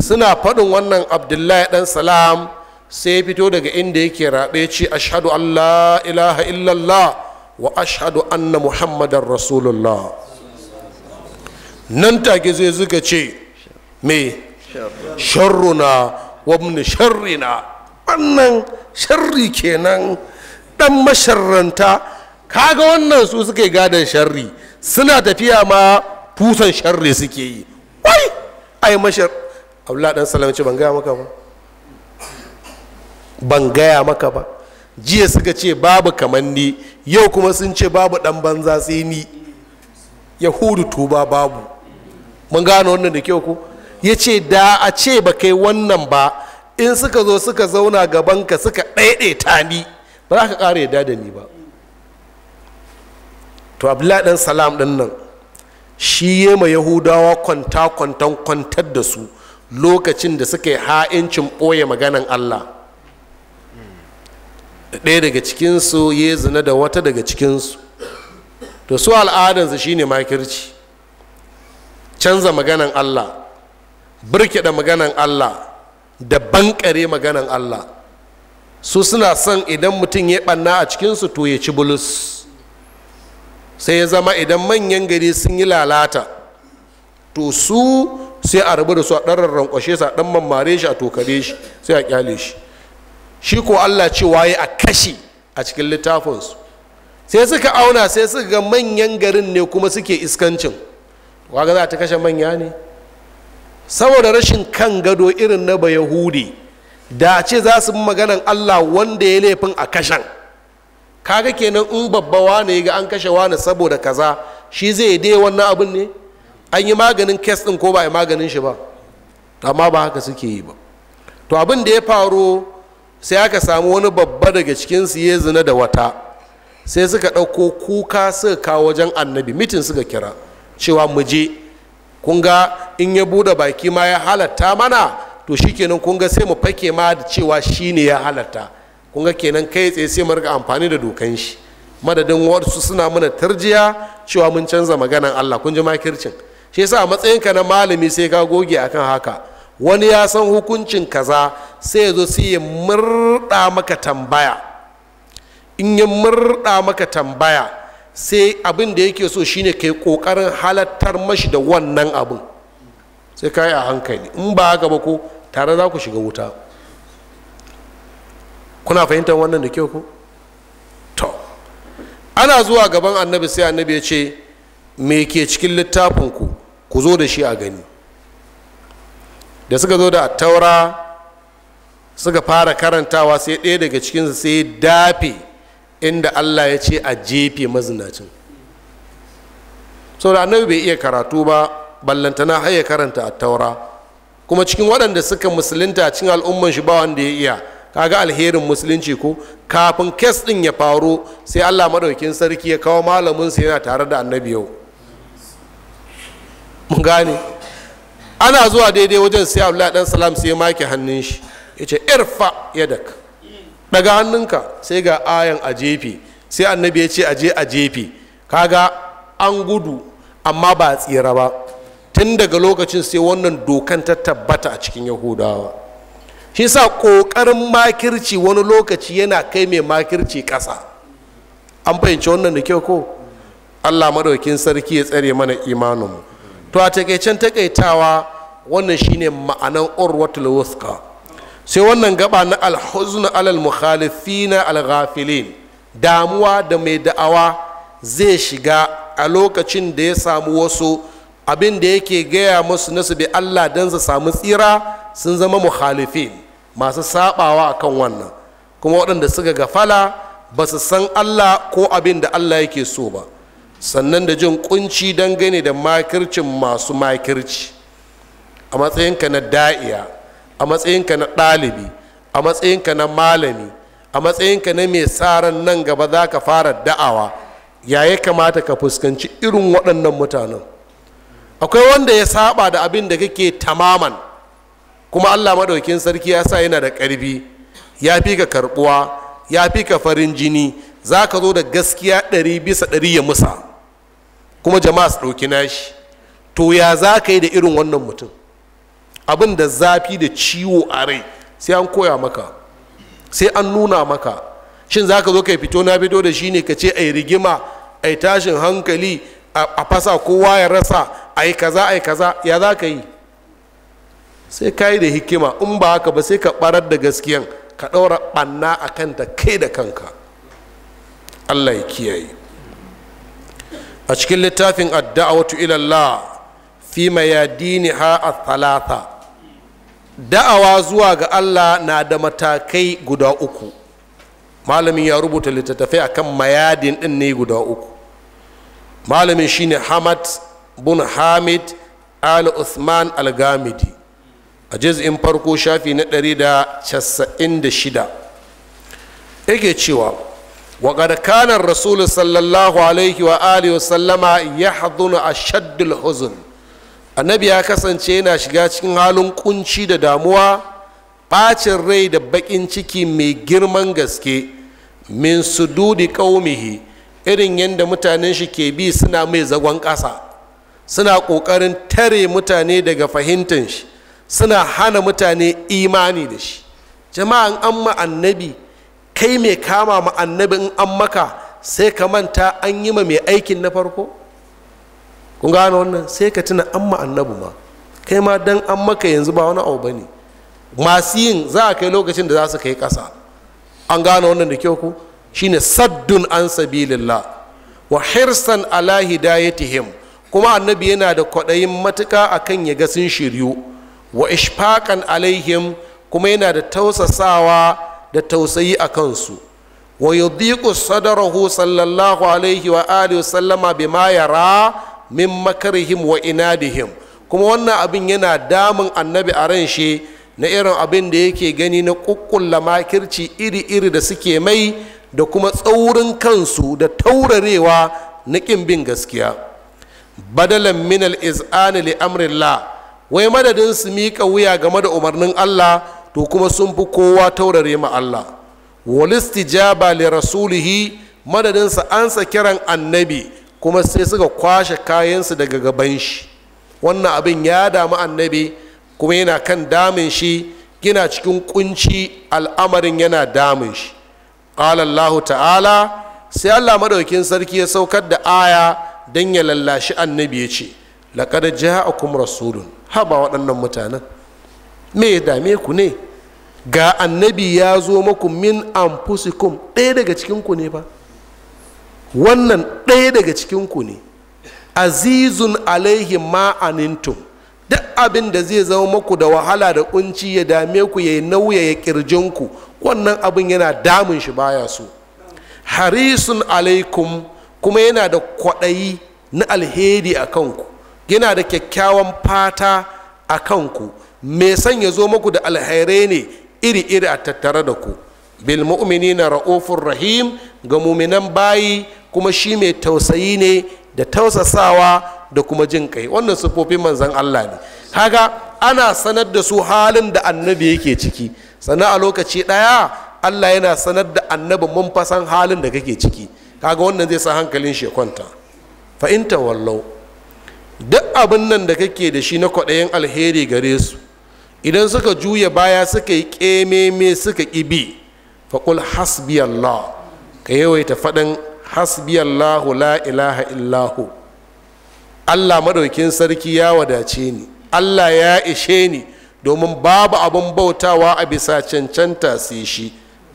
suna faɗin wannan abdullahi ɗan salam sai ya fito daga inda yake raɓe ce ashadu allah ilaha illallah wa ashadu anna muhammadan rasulullah nan take zai zuga ce me sharruna wabni sharrina wannan sharri kenan dan masharranta kaga wannan su suke gadon sharri suna tafiya ma fusan sharri suke yi wai ai mashar abdullahi dan salam ce ban gaya maka ba ban gaya maka ba jiya suka ce babu kamanni yau kuma sun ce babu dan banza sai ni yahudu tuba babu mun gano wannan da kyau ko ya ce da a ce ba kai wannan ba in suka zo suka zauna gabanka suka ɗaiɗaita ni ba za ka ƙara yadda da ni ba to abdullahi ɗan salam ɗin nan shi ya ma yahudawa kwanta kwantan kwantar da su lokacin da suka yi ha'incin ɓoye maganan allah ɗaya daga cikinsu ya zina da wata daga cikinsu to su al'adansu shine makirci canza maganan allah birkiɗa maganan allah da bankare maganan allah su suna son idan mutum ya ɓanna a cikinsu to ya ci bulus sai ya zama idan manyan gari sun yi lalata to su sai a rabu da su a ɗan rarrankwashe su a ɗan mammare shi a tokare shi sai a kyale shi shi ko allah cewa ya a kashe a cikin littafinsu sai suka auna sai suka ga manyan garin ne kuma suke iskancin kaga za ta kashe manya ne saboda rashin kan gado irin na bayahudi da ce za su maganan allah wanda ya laifin a kashen kaga kenan in babba wane ga an kashe wane saboda kaza shi zai dai wannan abin ne an yi maganin kes din ko ba a yi maganin shi ba amma ba haka suke yi ba to abin da ya faru sai aka samu wani babba daga cikinsu ya zina da wata sai suka ɗauko kuka suka kawo wajen annabi mitin suka kira cewa mu je kun ga in ya buɗe baki ma ya halatta mana to shikenan kun ga sai mu fake ma da cewa shi ne ya halatta kun ga kenan kai tsaye sai mu riga amfani da dokan shi madadin wasu suna mana tarjiya cewa mun canza maganan Allah kun ji makircin shi yasa a matsayinka na malami sai ka goge akan haka wani ya san hukuncin kaza sai ya zo sai ya murɗa maka tambaya in ya murɗa maka tambaya sai abin da yake so shine kai kokarin halattar mashi da wannan abin sai ka yi a hankali in ba haka ba ko tare za ku shiga wuta kuna fahimtar wannan da kyau ko to ana zuwa gaban annabi sai annabi ya ce me ke cikin littafinku ku zo da shi a gani da suka zo da taura suka fara karantawa sai ɗaya daga cikinsu sai dafe inda allah ya ce a jefe mazinacin saboda annabi bai iya karatu ba ballantana har ya karanta a taura kuma cikin waɗanda suka musulunta cikin al'umman shi ba wanda ya iya kaga alherin musulunci ko kafin kes ɗin ya faru sai allah maɗaukin sarki ya kawo malamin sa yana tare da annabi yau mun gane ana zuwa daidai wajen sai abdullahi dan salam sai ya make hannun shi ya ce irfa yadak daga hannunka sai ga ayan a jefe sai annabi ya ce aje a jefe kaga an gudu amma ba a tsira ba tun daga lokacin sai wannan dokan ta tabbata a cikin yahudawa shi sa ƙoƙarin makirci wani lokaci yana kai mai makirci ƙasa an fahimci wannan da kyau ko allah maɗaukin sarki ya tsare mana imaninmu to a takaicen takaitawa wannan shine ma'anan urwatul wuska sai wannan gaba na alhuzn alal mukhalifina alghafilin damuwa da mai da'awa zai shiga a lokacin da ya samu wasu abin da yake gaya musu nasu bi Allah dan su samu tsira sun zama mukhalifin masu sabawa akan wannan kuma waɗanda suka gafala ba su san Allah ko abin da Allah yake so ba sannan da jin kunci dangane da makircin masu makirci a matsayinka na da'iya a matsayinka na ɗalibi a matsayinka na malami a matsayinka na mai tsaron nan gaba za ka fara da'awa ya ya kamata ka fuskanci irin waɗannan mutanen akwai wanda ya saba da abin da kake tamaman kuma allah maɗaukin sarki ya sa yana da ƙarfi ya fi ka karɓuwa ya fi ka farin jini za ka zo da gaskiya ɗari bisa ɗari ya musa kuma jama'a su ɗauki nashi to ya za ka yi da irin wannan mutum abin da zafi da ciwo a rai sai an koya maka sai an nuna maka shin za ka zo ka fito na fito da shi ne ka ce ai rigima yi tashin hankali a fasa kowa ya rasa a yi kaza a yi kaza ya za ka yi sai ka yi da hikima in ba haka ba sai ka barar da gaskiyan ka ɗaura ɓanna a kanta kai da kanka allah ya kiyaye a cikin littafin wato ilallah fi mayadini ha a talata. da'awa zuwa ga allah na da matakai guda uku malamin ya rubuta littattafai a kan mayadin din ne guda uku malamin shine hamad bin hamid al usman al gamidi a jiz'in farko shafi na 196 yake cewa وقد كان الرسول صلى الله عليه وآله وسلم a أشد الحزن annabi ya kasance yana shiga cikin halin kunci da damuwa bacin rai da bakin ciki mai girman gaske min sududi ƙaumihi irin yadda mutanen shi ke bi suna mai zagon ƙasa suna ƙoƙarin tare mutane daga fahimtar shi suna hana mutane imani da shi jama'an an ma annabi kai mai kama ma annabi an maka sai ka manta an yi ma mai aikin na farko kun gane wannan sai ka tuna an ma ma kai ma dan an maka yanzu ba wani abu ba ne masu yin za a kai lokacin da za su kai ƙasa an gane wannan da kyau ku shine saddun an sabilillah wa hirsan ala hidayatihim kuma annabi yana da kwaɗayin matuka akan ya ga sun shiryu wa ishfaqan alaihim kuma yana da tausasawa da tausayi a kansu wa yudhiqu sadarahu sallallahu alaihi wa alihi wa sallama bima yara min makarihim wa inadihim kuma wannan abin yana damun annabi a ran shi na irin abin da yake gani na kukkulla makirci iri-iri da suke mai da kuma tsaurin kansu da taurarewa na ƙin bin gaskiya badalan min al-iz'ani li amrillah wai madadin su mika wuya game da umarnin Allah to kuma sun fi kowa taurare ma Allah walistijaba li rasulihi madadin su ansa kiran annabi kuma sai suka kwashe kayansu daga gaban shi wannan abin ya damu annabi kuma yana kan damun shi gina cikin kunci al'amarin yana damun shi ƙalallahu ta'ala sai allah maɗaukin sarki ya saukar da aya don ya lallashi annabi ya ce laƙar kuma rasulun haba waɗannan mutanen me ya dame ku ne ga annabi ya zo maku min anfusikum ɗaya daga cikin ku ne ba wannan ɗaya daga cikinku ne azizun alaihi ma'anintum duk abin da zai zama maku da wahala da kunci ya dame ku ya nauya ya ku wannan abin yana damun shi baya so harisun alaikum kuma yana da kwaɗayi na alheri a kanku yana da kyakkyawan fata a kanku mai son ya zo maku da alherai ne iri-iri a tattare da ku bil mu'minina ra'ufur rahim ga muminan bayi kuma shi mai tausayi ne da tausasawa da kuma jin kai wannan sufofin manzan Allah ne haka ana sanar da su halin da annabi yake ciki sannan a lokaci ɗaya Allah yana sanar da annabi mun fasan halin da kake ciki kaga wannan zai sa hankalin shi kwanta fa in duk abin nan da kake da shi na kwaɗayin alheri gare su idan suka juya baya suka yi ƙememe suka bi. faƙul hasbiyallah ka yawaita faɗin hasbiyallahu la ilaha illahu allah maɗaukin sarki ya wadace ni allah ya ishe ni domin babu abin bautawa a bisa cancanta sai shi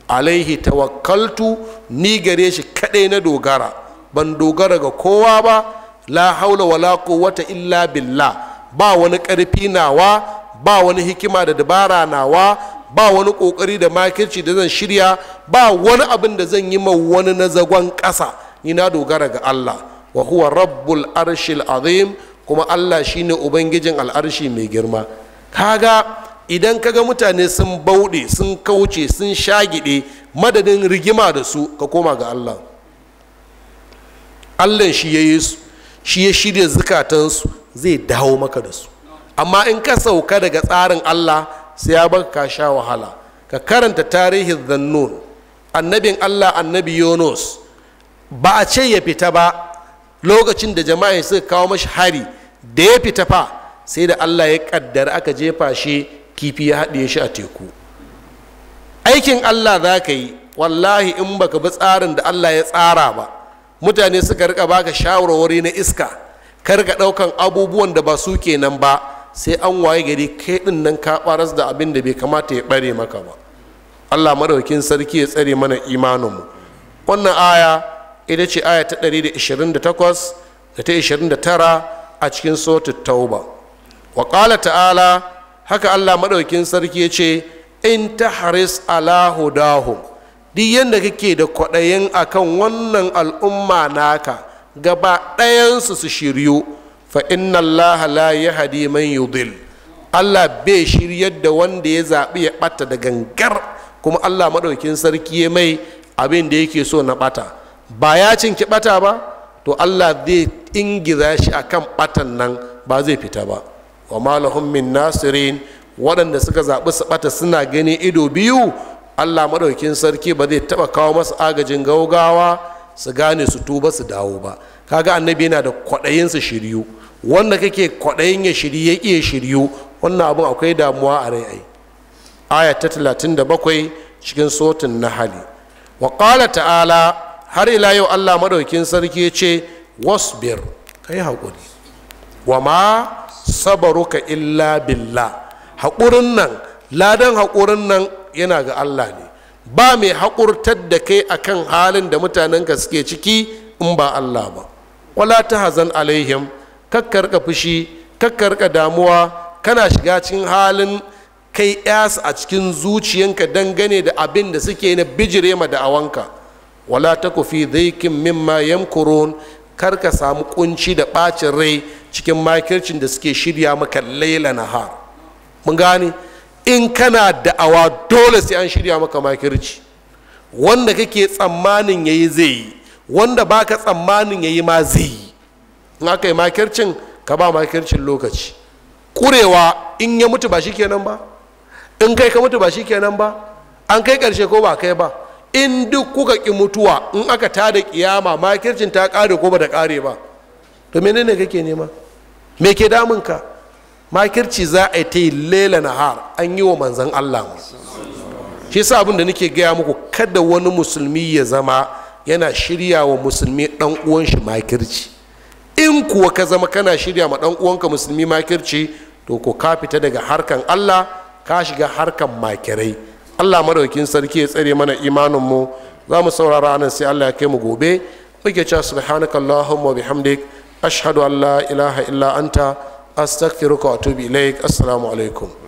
alaihi tawakkaltu ni gare shi kaɗai na dogara ban dogara ga kowa ba la haula wala quwwata illa billah ba wani ƙarfi nawa ba wani hikima da dabara nawa ba wani kokari da makirci da zan shirya ba wani abin da zan yi ma wani na zagon ƙasa ni na dogara ga Allah wa huwa rabbul arshil azim kuma Allah shine ubangijin al'arshi mai girma kaga idan kaga mutane sun bauɗe sun kauce sun shagide madadin rigima da su ka koma ga Allah Allah shi ya yi su shi ya shirya zukatansu zai dawo maka da su amma in ka sauka daga tsarin Allah sai ya baka ka sha wahala ka karanta tarihin zannun annabin allah annabi yonos ba a ce ya fita ba lokacin da jama'a suka kawo mashi hari da ya fita fa sai da allah ya kaddara aka jefa shi kifi ya haɗe shi a teku aikin allah za ka yi wallahi in baka bi tsarin da allah ya tsara ba mutane suka rika baka shawarwari na iska ka ɗaukan abubuwan da ba su kenan ba sai an waye gari kai din nan ka baras da abin da bai kamata ya bare maka ba allah madaukin sarki ya tsare mana imanin mu wannan aya ita ce aya ta 128 da ta 29 a cikin suratul tauba wa qala ta'ala haka allah madaukin sarki ya ce in ta haris ala hudahum duk yadda kake da kwaɗayin akan wannan al'umma naka gaba ɗayansu su shiryu fa inna allaha la hadi man yudil Allah bai shiryar da wanda ya zaɓi ya ɓata da gangar kuma Allah maɗaukin sarki ya mai abin da yake so na ɓata ba ya cinki ɓata ba to Allah zai ingiza shi a kan ɓatan nan ba zai fita ba wa malahun min nasirin waɗanda suka zaɓi su ɓata suna gani ido biyu Allah maɗaukin sarki ba zai taɓa kawo masu agajin gaugawa su gane su tuba su dawo ba kaga annabi yana da kwaɗayinsa su shiryu wanda kake kwaɗayin ya shiryu ya iya shiryu wannan abin akwai damuwa a rai ai aya ta bakwai cikin sotin nahali wa ƙala ta'ala har ila yau Allah maɗaukin sarki ya ce wasbir yi haƙuri wa ma sabaruka illa billah haƙurin nan ladan haƙurin nan yana ga Allah ne ba mai haƙurtar da kai akan halin da mutanenka suke ciki in ba Allah ba wala ta hazan alaihim kakkarka fushi kakkarka damuwa kana shiga cikin halin kai yas a cikin zuciyanka dangane da abin da suke na bijire ma awanka wala ta kufi zaikin mimma yamkurun kar ka samu kunci da bacin rai cikin makircin da suke shirya maka laila nahar mun gane in kana da'awa dole sai an shirya maka makirci wanda kake tsammanin yayi zai yi wanda baka tsammanin yayi ma zai yi in aka yi makircin ka ba makircin lokaci kurewa in ya mutu ba shi kenan ba in kai ka mutu ba shi kenan ba an kai karshe ko ba kai ba in duk kuka ki mutuwa in aka tada kiyama makircin ta kare ko ba da kare ba to menene kake nema me ke damun ka makirci za a yi ta yi lela nahar an yi wa manzan Allah ma shi yasa abin da nake gaya muku kada wani musulmi ya zama yana shirya wa musulmi ɗan uwan shi makirci in kuwa ka zama kana shirya ma ɗan uwanka musulmi makirci to ko ka fita daga harkan Allah ka shiga harkan makirai Allah madaukin sarki ya tsare mana imanin mu za mu saurara nan sai Allah ya kai mu gobe muke cewa subhanakallahumma bihamdik ashhadu an la ilaha illa anta astaghfiruka wa atubu ilaik assalamu alaikum